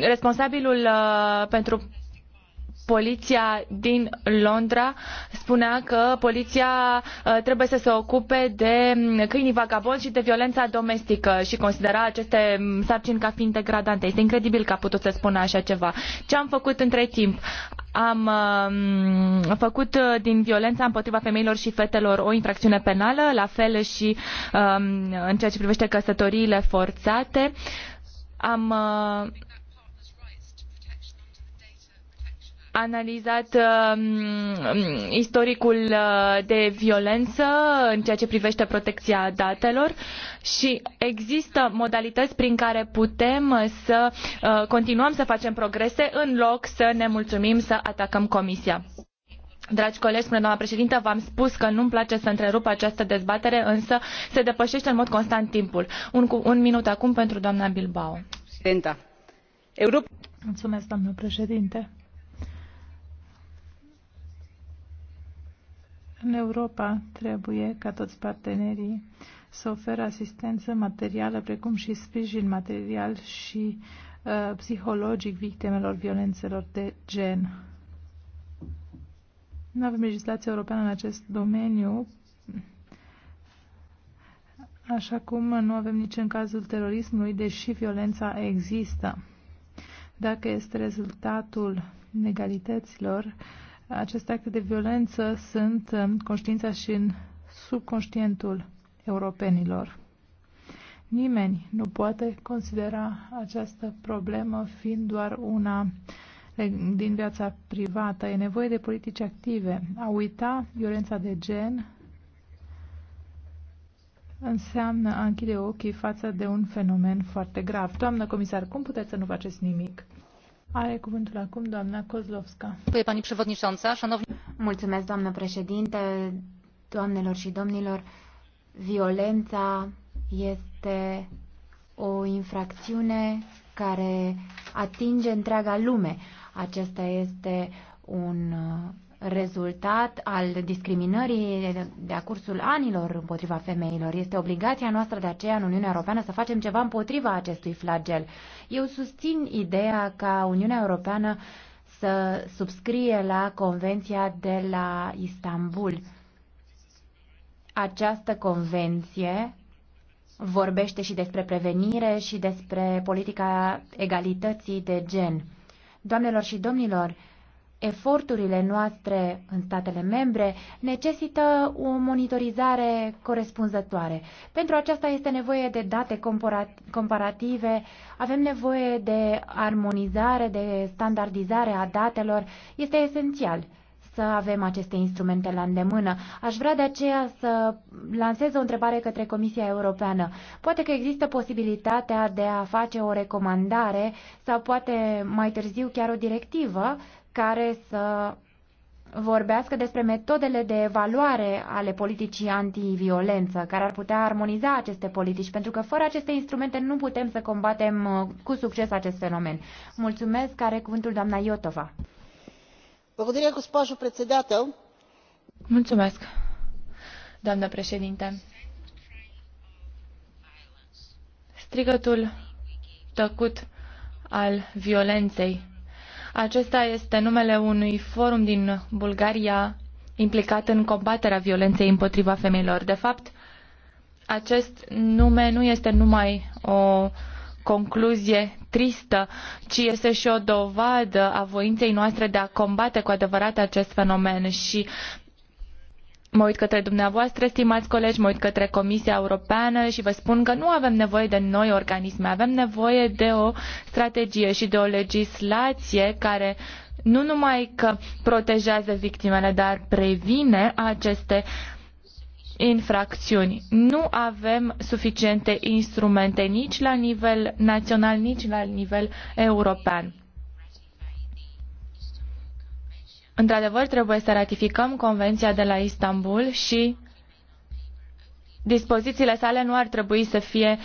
responsabilul uh, pentru poliția din Londra spunea că poliția uh, trebuie să se ocupe de mm, câinii vagabonzi și de violența domestică și considera aceste mm, sarcini ca fiind degradante. Este incredibil că a putut să spună așa ceva. Ce am făcut între timp? Am mm, făcut uh, din violența împotriva femeilor și fetelor o infracțiune penală, la fel și um, în ceea ce privește căsătoriile forțate. Am uh, analizat um, uh, istoricul de violență în ceea ce privește protecția datelor și există modalități prin care putem să uh, continuăm să facem progrese în loc să ne mulțumim să atacăm Comisia. Dragi colegi, spune doamna președintă, v-am spus că nu-mi place să întrerup această dezbatere, însă se depășește în mod constant timpul. Un, un minut acum pentru doamna Bilbao. Mulțumesc, doamnă președinte. În Europa trebuie ca toți partenerii să oferă asistență materială, precum și sprijin material și uh, psihologic victimelor violențelor de gen. Nu avem legislație europeană în acest domeniu, așa cum nu avem nici în cazul terorismului, deși violența există. Dacă este rezultatul negalităților, uh, aceste acte de violență sunt în um, conștiința și în subconștientul europenilor. Nimeni nu poate considera această problemă fiind doar una din viața privată. E nevoie de politici active. A uita violența de gen înseamnă a închide ochii față de un fenomen foarte grav. Doamnă comisar, cum puteți să nu faceți nimic? Are cuvântul acum doamna Kozlovska. Păi, pani przewodnicząca, szanowni... Mulțumesc, doamnă președinte, doamnelor și domnilor. Violența este o infracțiune care atinge întreaga lume. Acesta este un rezultat al discriminării de-a cursul anilor împotriva femeilor. Este obligația noastră de aceea în Uniunea Europeană să facem ceva împotriva acestui flagel. Eu susțin ideea ca Uniunea Europeană să subscrie la Convenția de la Istanbul. Această convenție vorbește și despre prevenire și despre politica egalității de gen. Doamnelor și domnilor, eforturile noastre în statele membre necesită o monitorizare corespunzătoare. Pentru aceasta este nevoie de date comparative, avem nevoie de armonizare, de standardizare a datelor. Este esențial să avem aceste instrumente la îndemână. Aș vrea de aceea să lansez o întrebare către Comisia Europeană. Poate că există posibilitatea de a face o recomandare sau poate mai târziu chiar o directivă care să vorbească despre metodele de evaluare ale politicii antiviolență, care ar putea armoniza aceste politici, pentru că fără aceste instrumente nu putem să combatem uh, cu succes acest fenomen. Mulțumesc, care cuvântul doamna Iotova. Mulțumesc, doamna președinte. Strigătul tăcut al violenței acesta este numele unui forum din Bulgaria implicat în combaterea violenței împotriva femeilor. De fapt, acest nume nu este numai o concluzie tristă, ci este și o dovadă a voinței noastre de a combate cu adevărat acest fenomen și Mă uit către dumneavoastră, stimați colegi, mă uit către Comisia Europeană și vă spun că nu avem nevoie de noi organisme, avem nevoie de o strategie și de o legislație care nu numai că protejează victimele, dar previne aceste infracțiuni. Nu avem suficiente instrumente nici la nivel național, nici la nivel european. Într-adevăr, trebuie să ratificăm Convenția de la Istanbul și dispozițiile sale nu ar trebui să fie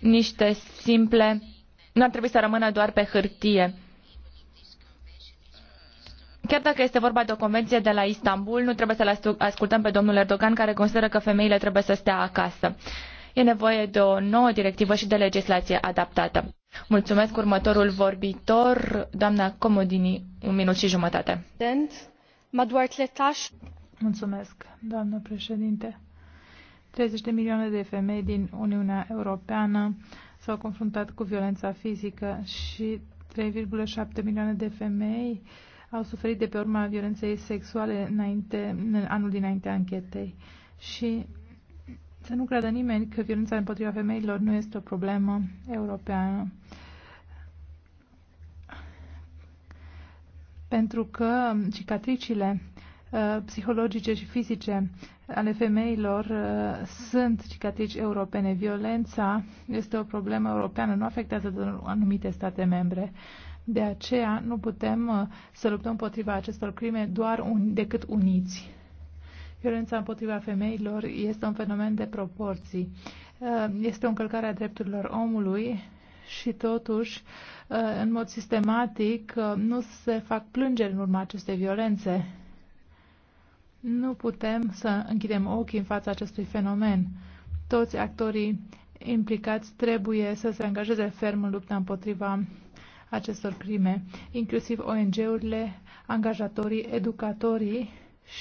niște simple, nu ar trebui să rămână doar pe hârtie. Chiar dacă este vorba de o convenție de la Istanbul, nu trebuie să-l ascultăm pe domnul Erdogan, care consideră că femeile trebuie să stea acasă. E nevoie de o nouă directivă și de legislație adaptată. Mulțumesc următorul vorbitor, doamna Comodini, un minut și jumătate. Mulțumesc, doamnă președinte. 30 de milioane de femei din Uniunea Europeană s-au confruntat cu violența fizică și 3,7 milioane de femei au suferit de pe urma violenței sexuale înainte, în anul dinaintea anchetei. Și să nu creadă nimeni că violența împotriva femeilor nu este o problemă europeană. Pentru că cicatricile uh, psihologice și fizice ale femeilor uh, sunt cicatrici europene. Violența este o problemă europeană, nu afectează anumite state membre. De aceea nu putem uh, să luptăm împotriva acestor crime doar un, decât uniți Violența împotriva femeilor este un fenomen de proporții. Uh, este o încălcare a drepturilor omului și totuși, uh, în mod sistematic, uh, nu se fac plângeri în urma acestei violențe. Nu putem să închidem ochii în fața acestui fenomen. Toți actorii implicați trebuie să se angajeze ferm în lupta împotriva acestor crime, inclusiv ONG-urile, angajatorii, educatorii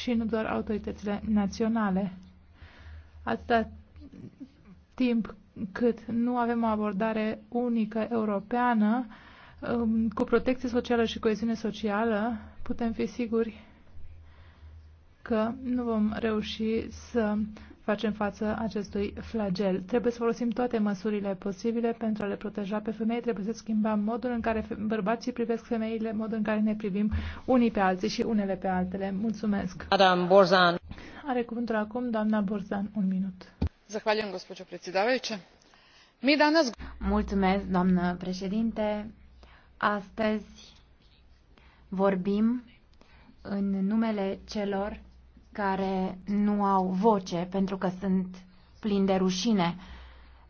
și nu doar autoritățile naționale. Atâta timp cât nu avem o abordare unică europeană, um, cu protecție socială și coeziune socială, putem fi siguri că nu vom reuși să facem față acestui flagel. Trebuie să folosim toate măsurile posibile pentru a le proteja pe femei. Trebuie să schimbăm modul în care bărbații privesc femeile, modul în care ne privim unii pe alții și unele pe altele. Mulțumesc. Adam Borzan. Are cuvântul acum doamna Borzan. Un minut. Zahvaljujem, gospođo predsjedavajuća. Mi danas... Mulțumesc, doamnă președinte. Astăzi vorbim în numele celor care nu au voce pentru că sunt plini de rușine.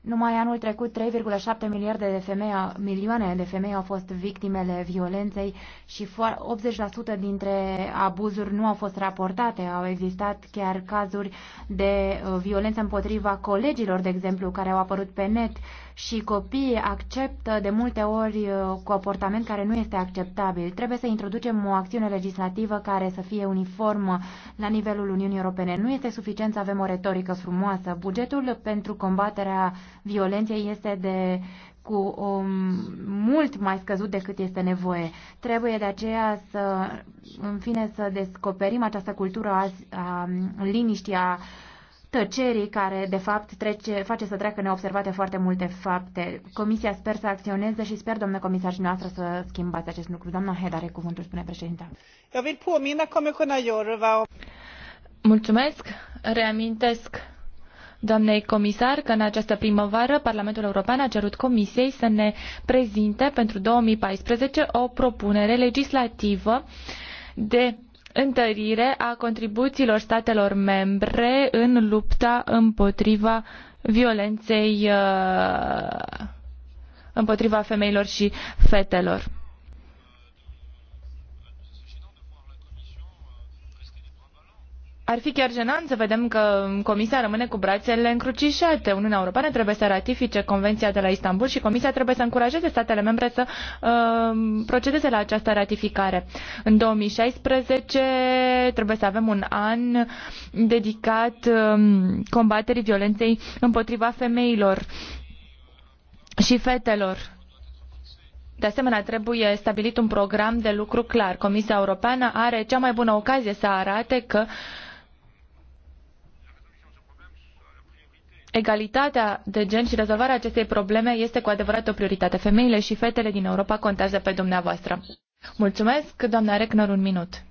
Numai anul trecut 3,7 miliarde de femei, milioane de femei au fost victimele violenței și 80% dintre abuzuri nu au fost raportate. Au existat chiar cazuri de uh, violență împotriva colegilor, de exemplu, care au apărut pe net și copiii acceptă de multe ori uh, comportament care nu este acceptabil. Trebuie să introducem o acțiune legislativă care să fie uniformă la nivelul Uniunii Europene. Nu este suficient să avem o retorică frumoasă. Bugetul pentru combaterea violenței este de cu um, mult mai scăzut decât este nevoie. Trebuie de aceea să, în fine, să descoperim această cultură a, a liniștii, a tăcerii care, de fapt, trece, face să treacă neobservate foarte multe fapte. Comisia sper să acționeze și sper, domnule comisar, și noastră să schimbați acest lucru. Doamna Hed are cuvântul, spune președinta. Eu vil cum e cu Mulțumesc. Reamintesc doamnei comisar că în această primăvară Parlamentul European a cerut Comisiei să ne prezinte pentru 2014 o propunere legislativă de întărire a contribuțiilor statelor membre în lupta împotriva violenței uh, împotriva femeilor și fetelor. Ar fi chiar jenant să vedem că Comisia rămâne cu brațele încrucișate. Uniunea Europeană trebuie să ratifice Convenția de la Istanbul și Comisia trebuie să încurajeze statele membre să uh, procedeze la această ratificare. În 2016 trebuie să avem un an dedicat uh, combaterii violenței împotriva femeilor și fetelor. De asemenea, trebuie stabilit un program de lucru clar. Comisia Europeană are cea mai bună ocazie să arate că uh, egalitatea de gen și rezolvarea acestei probleme este cu adevărat o prioritate. Femeile și fetele din Europa contează pe dumneavoastră. Mulțumesc, doamna Reckner, un minut.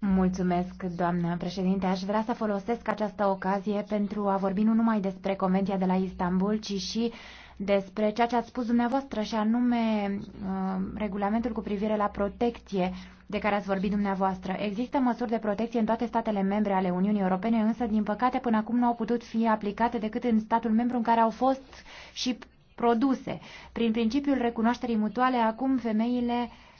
Mulțumesc, doamna președinte. Aș vrea să folosesc această ocazie pentru a vorbi nu numai despre Convenția de la Istanbul, ci și despre ceea ce ați spus dumneavoastră și anume uh, regulamentul cu privire la protecție de care ați vorbit dumneavoastră. Există măsuri de protecție în toate statele membre ale Uniunii Europene, însă, din păcate, până acum nu au putut fi aplicate decât în statul membru în care au fost și produse. Prin principiul recunoașterii mutuale, acum femeile uh,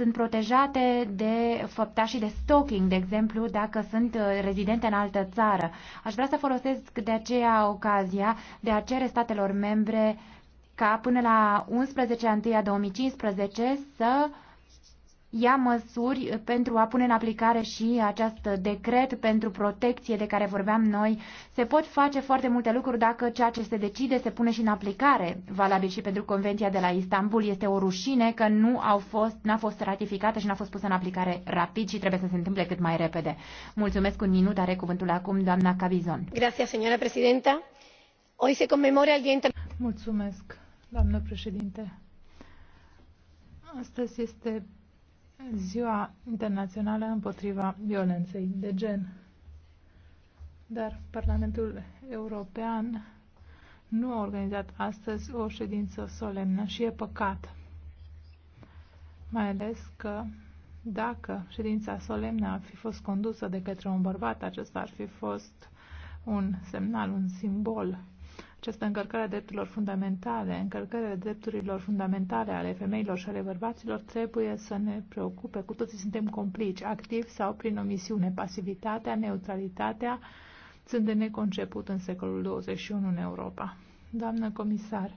sunt protejate de făptașii de stalking, de exemplu, dacă sunt uh, rezidente în altă țară. Aș vrea să folosesc de aceea ocazia de a cere statelor membre ca până la 11 a 2015 să ia măsuri pentru a pune în aplicare și acest decret pentru protecție de care vorbeam noi. Se pot face foarte multe lucruri dacă ceea ce se decide se pune și în aplicare. Valabil și pentru Convenția de la Istanbul este o rușine că nu au fost, n-a fost ratificată și n-a fost pusă în aplicare rapid și trebuie să se întâmple cât mai repede. Mulțumesc un minut, are cuvântul acum doamna Cavizon. Gracias, señora presidenta. Hoy se conmemora el Día Mulțumesc, doamnă președinte. Astăzi este Ziua Internațională împotriva violenței de gen. Dar Parlamentul European nu a organizat astăzi o ședință solemnă și e păcat. Mai ales că dacă ședința solemnă ar fi fost condusă de către un bărbat, acesta ar fi fost un semnal, un simbol această încărcare a drepturilor fundamentale, încărcarea drepturilor fundamentale ale femeilor și ale bărbaților trebuie să ne preocupe. Cu toții suntem complici, activ sau prin omisiune. Pasivitatea, neutralitatea sunt de neconceput în secolul 21 în Europa. Doamnă comisar,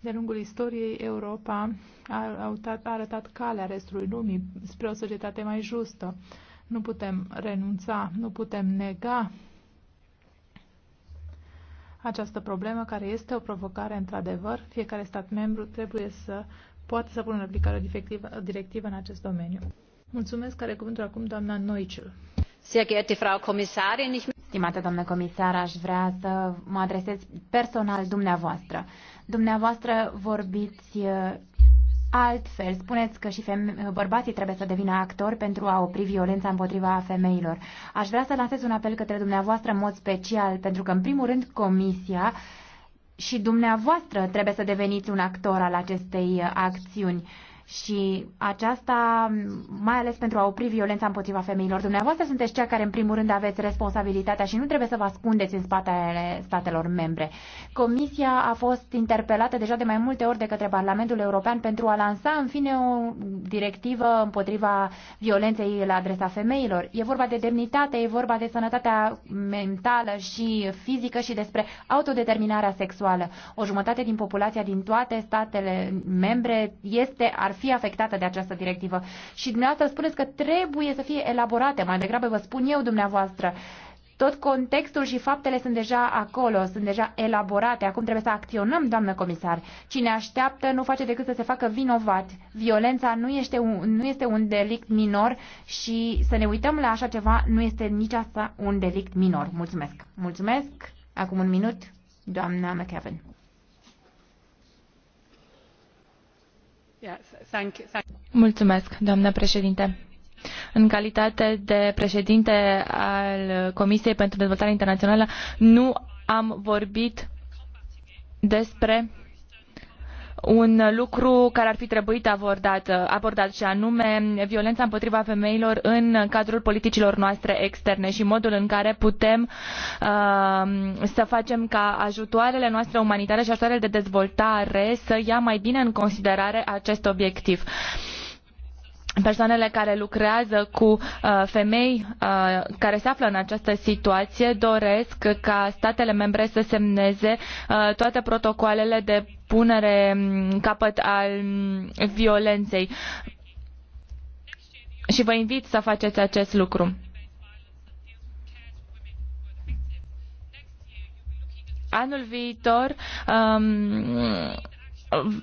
de lungul istoriei, Europa a, autat, a arătat calea restului lumii spre o societate mai justă. Nu putem renunța, nu putem nega această problemă, care este o provocare într-adevăr. Fiecare stat membru trebuie să poată să pună în aplicare o directivă, în acest domeniu. Mulțumesc. Care cuvântul acum doamna Noicel. Sehr geehrte Frau Kommissarin, ich Stimată doamnă comisar, aș vrea să mă adresez personal dumneavoastră. Dumneavoastră vorbiți Altfel, spuneți că și bărbații trebuie să devină actori pentru a opri violența împotriva femeilor. Aș vrea să lansez un apel către dumneavoastră în mod special, pentru că, în primul rând, Comisia și dumneavoastră trebuie să deveniți un actor al acestei uh, acțiuni și aceasta mai ales pentru a opri violența împotriva femeilor. Dumneavoastră sunteți cea care în primul rând aveți responsabilitatea și nu trebuie să vă ascundeți în spatele statelor membre. Comisia a fost interpelată deja de mai multe ori de către Parlamentul European pentru a lansa în fine o directivă împotriva violenței la adresa femeilor. E vorba de demnitate, e vorba de sănătatea mentală și fizică și despre autodeterminarea sexuală. O jumătate din populația din toate statele membre este ar fi afectată de această directivă. Și dumneavoastră spuneți că trebuie să fie elaborate, mai degrabă vă spun eu dumneavoastră. Tot contextul și faptele sunt deja acolo, sunt deja elaborate. Acum trebuie să acționăm, doamnă comisar. Cine așteaptă nu face decât să se facă vinovat. Violența nu este un, nu este un delict minor și să ne uităm la așa ceva nu este nici asta un delict minor. Mulțumesc. Mulțumesc. Acum un minut, doamna McKevin. Mulțumesc, doamnă președinte. În calitate de președinte al Comisiei pentru Dezvoltare Internațională, nu am vorbit despre un lucru care ar fi trebuit abordat, abordat și anume violența împotriva femeilor în cadrul politicilor noastre externe și modul în care putem um, să facem ca ajutoarele noastre umanitare și ajutoarele de dezvoltare să ia mai bine în considerare acest obiectiv persoanele care lucrează cu uh, femei uh, care se află în această situație doresc ca statele membre să semneze uh, toate protocoalele de punere mm, capăt al mm, violenței. Și vă invit să faceți acest lucru. Anul viitor um,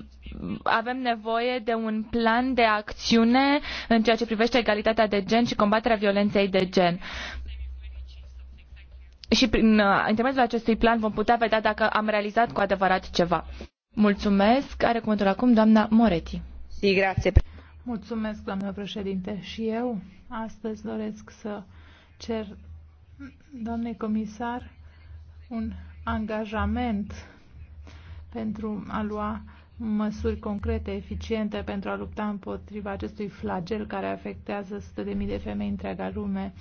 avem nevoie de un plan de acțiune în ceea ce privește egalitatea de gen și combaterea violenței de gen. Și prin uh, intermediul acestui plan vom putea vedea dacă am realizat cu adevărat ceva. Mulțumesc. Are cuvântul acum doamna Moretti. Si, grație. Mulțumesc, doamna președinte. Și eu astăzi doresc să cer doamnei comisar un angajament pentru a lua măsuri concrete, eficiente pentru a lupta împotriva acestui flagel care afectează sute de mii de femei întreaga lume.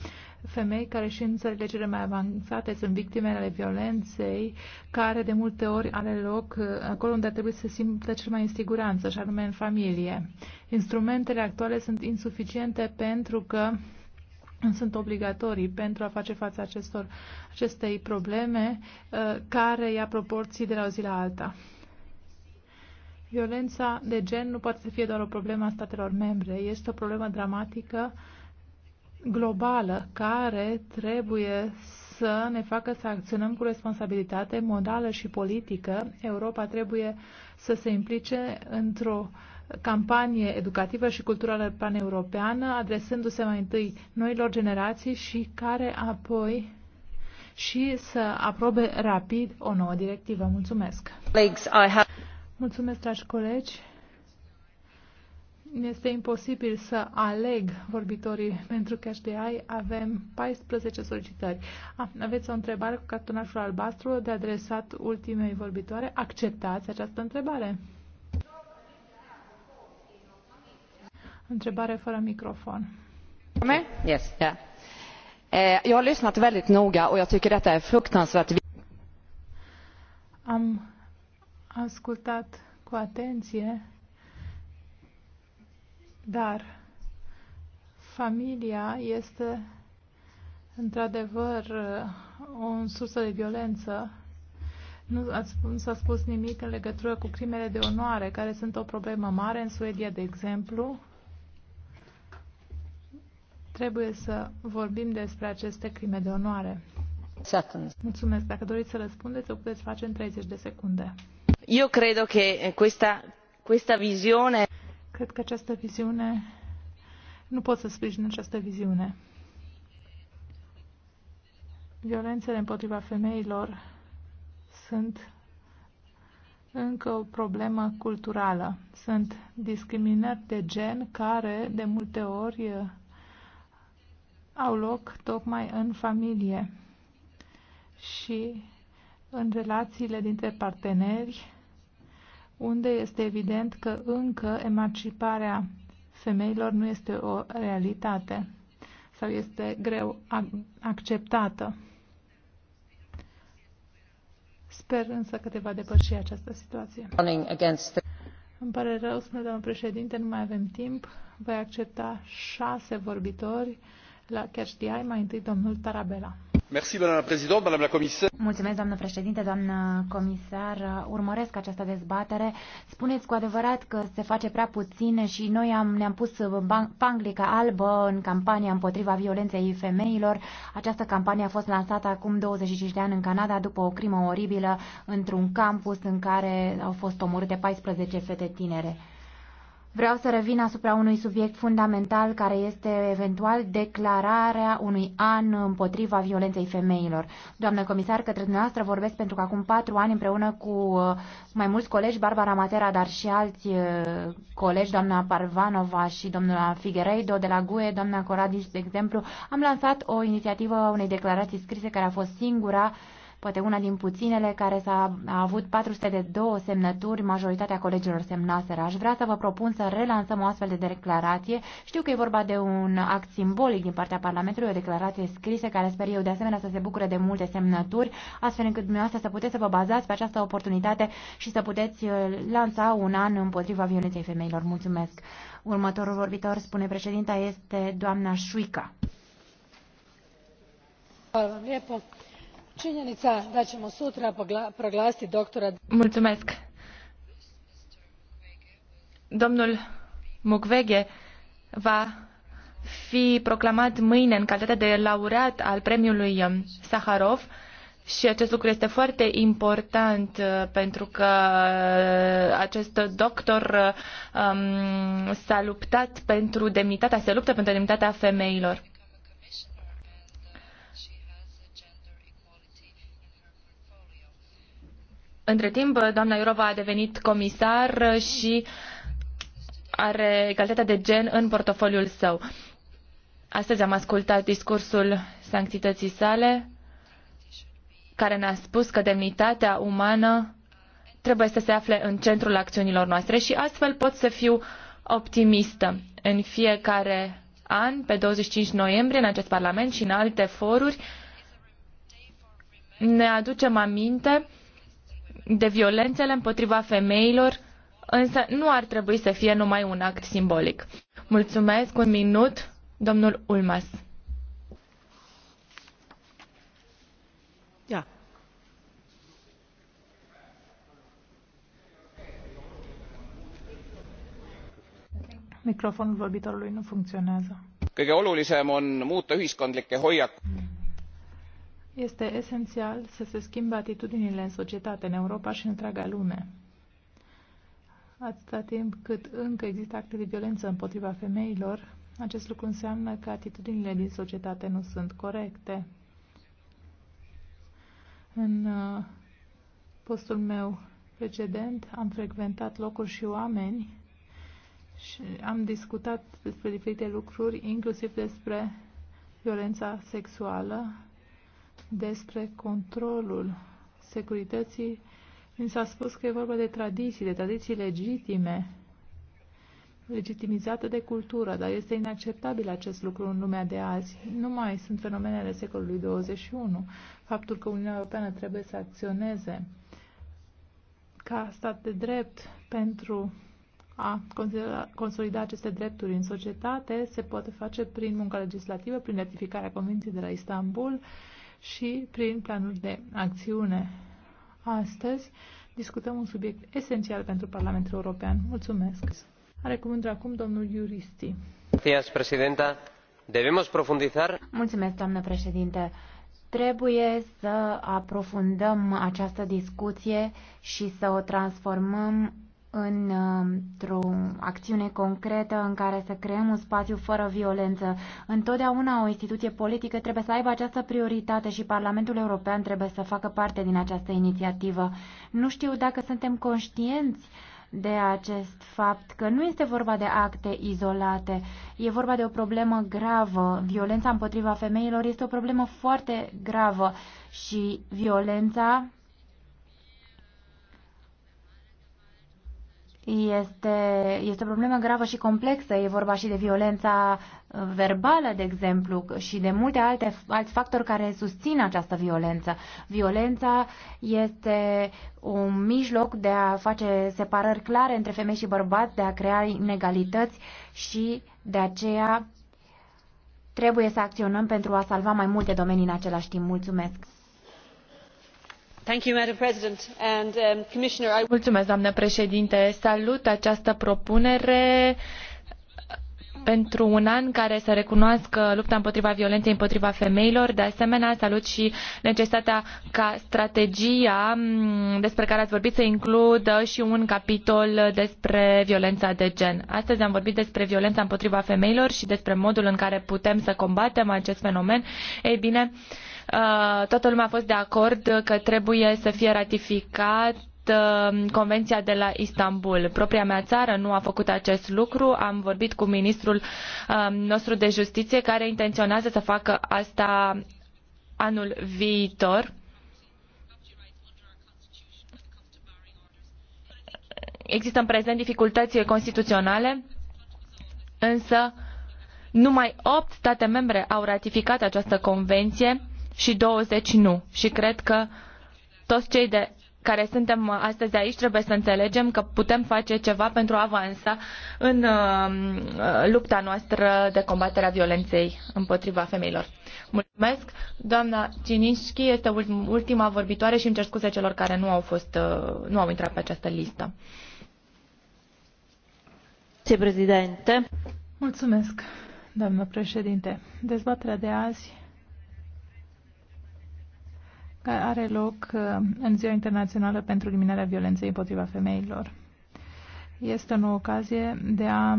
Femei care și în țările cele mai avansate sunt victime ale violenței, care de multe ori are loc uh, acolo unde trebuie să se simtă cel mai în siguranță, și anume în familie. Instrumentele actuale sunt insuficiente pentru că sunt obligatorii pentru a face față acestor, acestei probleme uh, care ia proporții de la o zi la alta. Violența de gen nu poate să fie doar o problemă a statelor membre, este o problemă dramatică globală care trebuie să ne facă să acționăm cu responsabilitate morală și politică. Europa trebuie să se implice într-o campanie educativă și culturală paneuropeană, adresându-se mai întâi noilor generații și care apoi și să aprobe rapid o nouă directivă. Mulțumesc! Mulțumesc, dragi colegi. Este imposibil să aleg vorbitorii pentru că de ai avem 14 solicitări. A, aveți o întrebare cu cartonașul albastru de adresat ultimei vorbitoare. Acceptați această întrebare? Întrebare fără microfon. Yes, yeah. Eu eh, am lăsat foarte noga și eu tycker că este fruktansvärt. Am ascultat cu atenție, dar familia este într-adevăr uh, o sursă de violență. Nu s-a spus nimic în legătură cu crimele de onoare, care sunt o problemă mare în Suedia, de exemplu. Trebuie să vorbim despre aceste crime de onoare. Mulțumesc. Dacă doriți să răspundeți, o puteți face în 30 de secunde eu cred că questa, questa visione cred că această viziune nu pot să sprijin această viziune violențele împotriva femeilor sunt încă o problemă culturală. Sunt discriminări de gen care de multe ori au loc tocmai în familie și în relațiile dintre parteneri unde este evident că încă emanciparea femeilor nu este o realitate sau este greu acceptată. Sper însă că te va depăși această situație. Îmi pare rău, spune domnul președinte, nu mai avem timp. Voi accepta șase vorbitori la Catch mai întâi domnul Tarabela. Mulțumesc, doamnă președinte, doamnă comisar. Urmăresc această dezbatere. Spuneți cu adevărat că se face prea puțin și noi am, ne-am pus panglica albă în campania împotriva violenței femeilor. Această campanie a fost lansată acum 25 de ani în Canada după o crimă oribilă într-un campus în care au fost omorâte 14 fete tinere. Vreau să revin asupra unui subiect fundamental care este eventual declararea unui an împotriva violenței femeilor. Doamnă comisar, către dumneavoastră vorbesc pentru că acum patru ani împreună cu uh, mai mulți colegi, Barbara Matera, dar și alți uh, colegi, doamna Parvanova și doamna Figueiredo de la GUE, doamna Coradis, de exemplu, am lansat o inițiativă unei declarații scrise care a fost singura uh, poate una din puținele care s-a a avut 402 semnături, majoritatea colegilor semnaseră. Aș vrea să vă propun să relansăm o astfel de declarație. Știu că e vorba de un act simbolic din partea Parlamentului, o declarație scrisă care sper eu de asemenea să se bucure de multe semnături, astfel încât dumneavoastră să puteți să vă bazați pe această oportunitate și să puteți uh, lansa un an împotriva violenței femeilor. Mulțumesc! Următorul vorbitor, spune președinta, este doamna Șuica činjenica da ćemo sutra proglasiti dr. Mulțumesc. Domnul Mukwege va fi proclamat mâine în calitate de laureat al premiului um, Saharov și acest lucru este foarte important uh, pentru că uh, acest doctor uh, um, s-a luptat pentru demnitatea, se luptă pentru demnitatea femeilor. Între timp, doamna Iurova a devenit comisar și are egalitatea de gen în portofoliul său. Astăzi am ascultat discursul sanctității sale, care ne-a spus că demnitatea umană trebuie să se afle în centrul acțiunilor noastre și astfel pot să fiu optimistă. În fiecare an, pe 25 noiembrie, în acest Parlament și în alte foruri, ne aducem aminte de violențele împotriva femeilor, însă nu ar trebui să fie numai un act simbolic. Mulțumesc, un minut, domnul Ulmas. Microfonul vorbitorului nu funcționează. că olulisem on muuta ühiskondlikke hoiak. Este esențial să se schimbe atitudinile în societate, în Europa și în întreaga lume. Atâta timp cât încă există acte de violență împotriva femeilor, acest lucru înseamnă că atitudinile din societate nu sunt corecte. În uh, postul meu precedent am frecventat locuri și oameni și am discutat despre diferite lucruri, inclusiv despre violența sexuală despre controlul securității, mi s-a spus că e vorba de tradiții, de tradiții legitime, legitimizată de cultură, dar este inacceptabil acest lucru în lumea de azi. Nu mai sunt fenomenele secolului 21. Faptul că Uniunea Europeană trebuie să acționeze ca stat de drept pentru a consolida aceste drepturi în societate se poate face prin munca legislativă, prin ratificarea Convenției de la Istanbul, și prin planuri de acțiune. Astăzi discutăm un subiect esențial pentru Parlamentul European. Mulțumesc! Are acum domnul Iuristi. Mulțumesc, doamnă președinte trebuie să aprofundăm această discuție și să o transformăm într-o acțiune concretă în care să creăm un spațiu fără violență. Întotdeauna o instituție politică trebuie să aibă această prioritate și Parlamentul European trebuie să facă parte din această inițiativă. Nu știu dacă suntem conștienți de acest fapt că nu este vorba de acte izolate, e vorba de o problemă gravă. Violența împotriva femeilor este o problemă foarte gravă și violența este, este o problemă gravă și complexă. E vorba și de violența verbală, de exemplu, și de multe alte alți factori care susțin această violență. Violența este un mijloc de a face separări clare între femei și bărbați, de a crea inegalități și de aceea trebuie să acționăm pentru a salva mai multe domenii în același timp. Mulțumesc! Um, Mulțumesc, doamnă președinte. Salut această propunere pentru un an care să recunoască lupta împotriva violenței împotriva femeilor. De asemenea, salut și necesitatea ca strategia despre care ați vorbit să includă și un capitol despre violența de gen. Astăzi am vorbit despre violența împotriva femeilor și despre modul în care putem să combatem acest fenomen. Ei bine, uh, Uh, toată lumea a fost de acord că trebuie să fie ratificat uh, Convenția de la Istanbul. Propria mea țară nu a făcut acest lucru. Am vorbit cu ministrul uh, nostru de justiție care intenționează să facă asta anul viitor. Există în prezent dificultăți constituționale, însă numai opt state membre au ratificat această convenție și 20 nu. Și cred că toți cei de care suntem astăzi aici trebuie să înțelegem că putem face ceva pentru a avansa în uh, uh lupta noastră de combaterea violenței împotriva femeilor. Mulțumesc. Doamna Cinișchi este ultima vorbitoare și îmi cer scuze celor care nu au, fost, uh, nu au intrat pe această listă. Mulțumesc, doamnă președinte. Dezbaterea de azi care are loc uh, în Ziua Internațională pentru Eliminarea Violenței împotriva femeilor. Este o nouă ocazie de a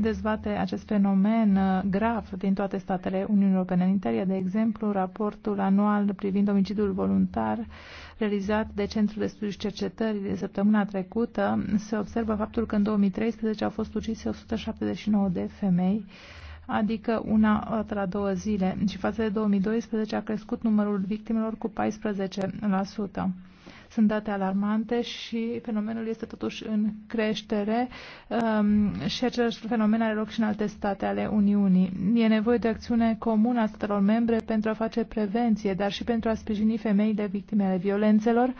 dezbate acest fenomen uh, grav din toate statele Uniunii Europene. În Italia, de exemplu, raportul anual privind omicidul voluntar realizat de Centrul de Studii și Cercetări de săptămâna trecută se observă faptul că în 2013 au fost ucise 179 de femei adică una la două zile, și față de 2012 a crescut numărul victimelor cu 14%. Sunt date alarmante și fenomenul este totuși în creștere um, și același fenomen are loc și în alte state ale Uniunii. E nevoie de acțiune comună a statelor membre pentru a face prevenție, dar și pentru a sprijini femeile victime ale violențelor,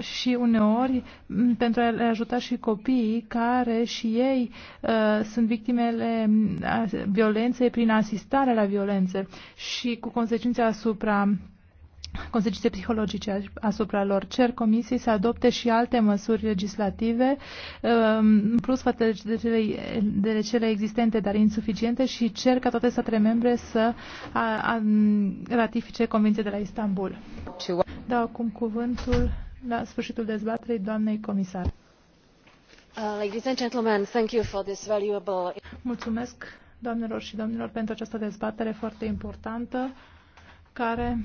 și uneori pentru a ajuta și copiii care și ei uh, sunt victimele uh, violenței prin asistare la violențe și cu consecințe asupra consecințe psihologice asupra lor. Cer comisiei să adopte și alte măsuri legislative, um, în plus față de cele, de cele existente, dar insuficiente, și cer ca toate statele membre să a, a, ratifice Convenția de la Istanbul. Dau acum cuvântul la sfârșitul dezbaterii doamnei comisar. Uh, Mulțumesc doamnelor și domnilor pentru această dezbatere foarte importantă care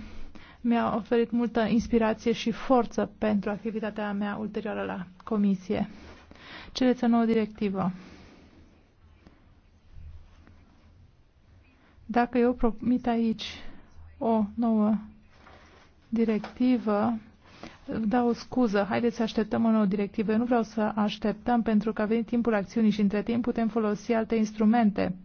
mi-a oferit multă inspirație și forță pentru activitatea mea ulterioară la comisie. Cereți o nouă directivă. Dacă eu promit aici o nouă directivă da, o scuză. Haideți să așteptăm o nouă directivă. Eu nu vreau să așteptăm pentru că a venit timpul acțiunii și între timp putem folosi alte instrumente.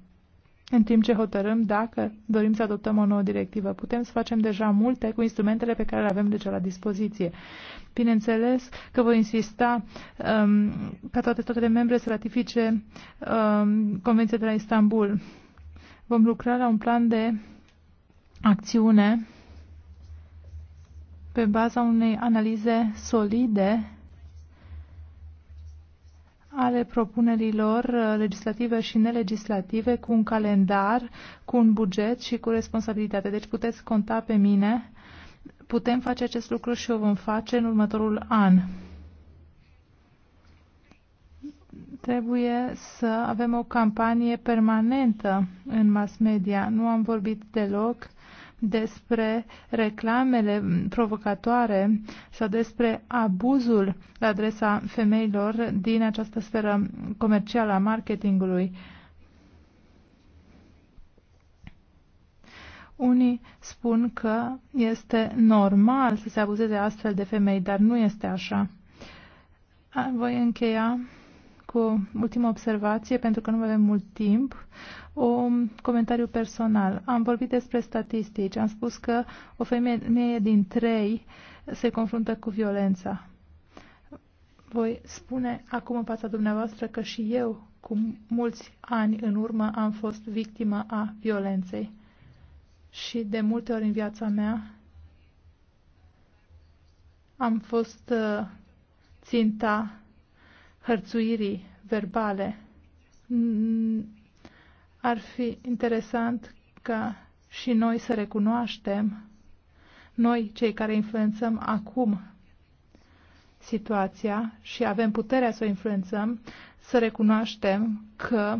În timp ce hotărâm dacă dorim să adoptăm o nouă directivă, putem să facem deja multe cu instrumentele pe care le avem deja la dispoziție. Bineînțeles că voi insista um, ca toate statele membre să ratifice um, Convenția de la Istanbul. Vom lucra la un plan de acțiune pe baza unei analize solide ale propunerilor uh, legislative și nelegislative, cu un calendar, cu un buget și cu responsabilitate. Deci puteți conta pe mine. Putem face acest lucru și o vom face în următorul an. Trebuie să avem o campanie permanentă în mass media. Nu am vorbit deloc despre reclamele provocatoare sau despre abuzul la adresa femeilor din această sferă comercială a marketingului. Unii spun că este normal să se abuzeze astfel de femei, dar nu este așa. Voi încheia cu ultima observație, pentru că nu avem mult timp un comentariu personal. Am vorbit despre statistici. Am spus că o femeie din trei se confruntă cu violența. Voi spune acum în fața dumneavoastră că și eu, cu mulți ani în urmă, am fost victima a violenței. Și de multe ori în viața mea am fost uh, ținta hărțuirii verbale ar fi interesant ca și noi să recunoaștem, noi cei care influențăm acum situația și avem puterea să o influențăm, să recunoaștem că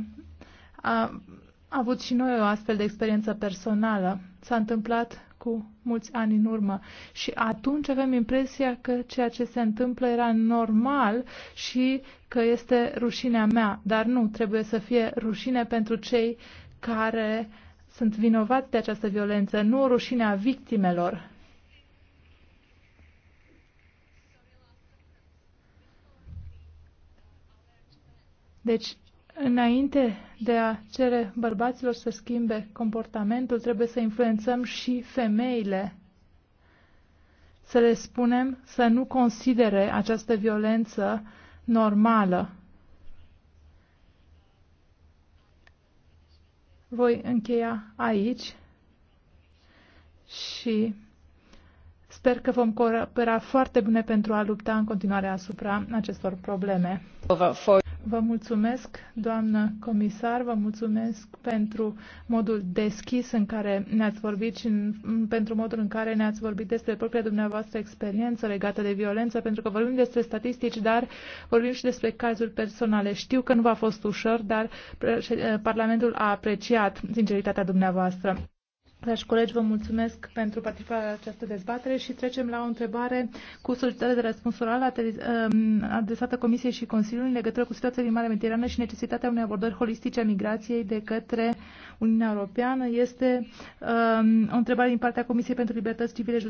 am avut și noi o astfel de experiență personală s-a întâmplat cu mulți ani în urmă. Și atunci avem impresia că ceea ce se întâmplă era normal și că este rușinea mea. Dar nu, trebuie să fie rușine pentru cei care sunt vinovați de această violență, nu o rușine a victimelor. Deci, Înainte de a cere bărbaților să schimbe comportamentul, trebuie să influențăm și femeile, să le spunem să nu considere această violență normală. Voi încheia aici și sper că vom coopera foarte bine pentru a lupta în continuare asupra acestor probleme. Vă mulțumesc, doamnă comisar, vă mulțumesc pentru modul deschis în care ne-ați vorbit și în, pentru modul în care ne-ați vorbit despre propria dumneavoastră experiență legată de violență, pentru că vorbim despre statistici, dar vorbim și despre cazuri personale. Știu că nu v-a fost ușor, dar eh, Parlamentul a apreciat sinceritatea dumneavoastră. Dragi colegi, vă mulțumesc pentru participarea la această dezbatere și trecem la o întrebare cu solicitare de răspuns oral um, adresată Comisiei și Consiliului în legătură cu situația din Marea Mediterană și necesitatea unei abordări holistice a migrației de către Uniunea Europeană. Este um, o întrebare din partea Comisiei pentru Libertăți Civile, Justiție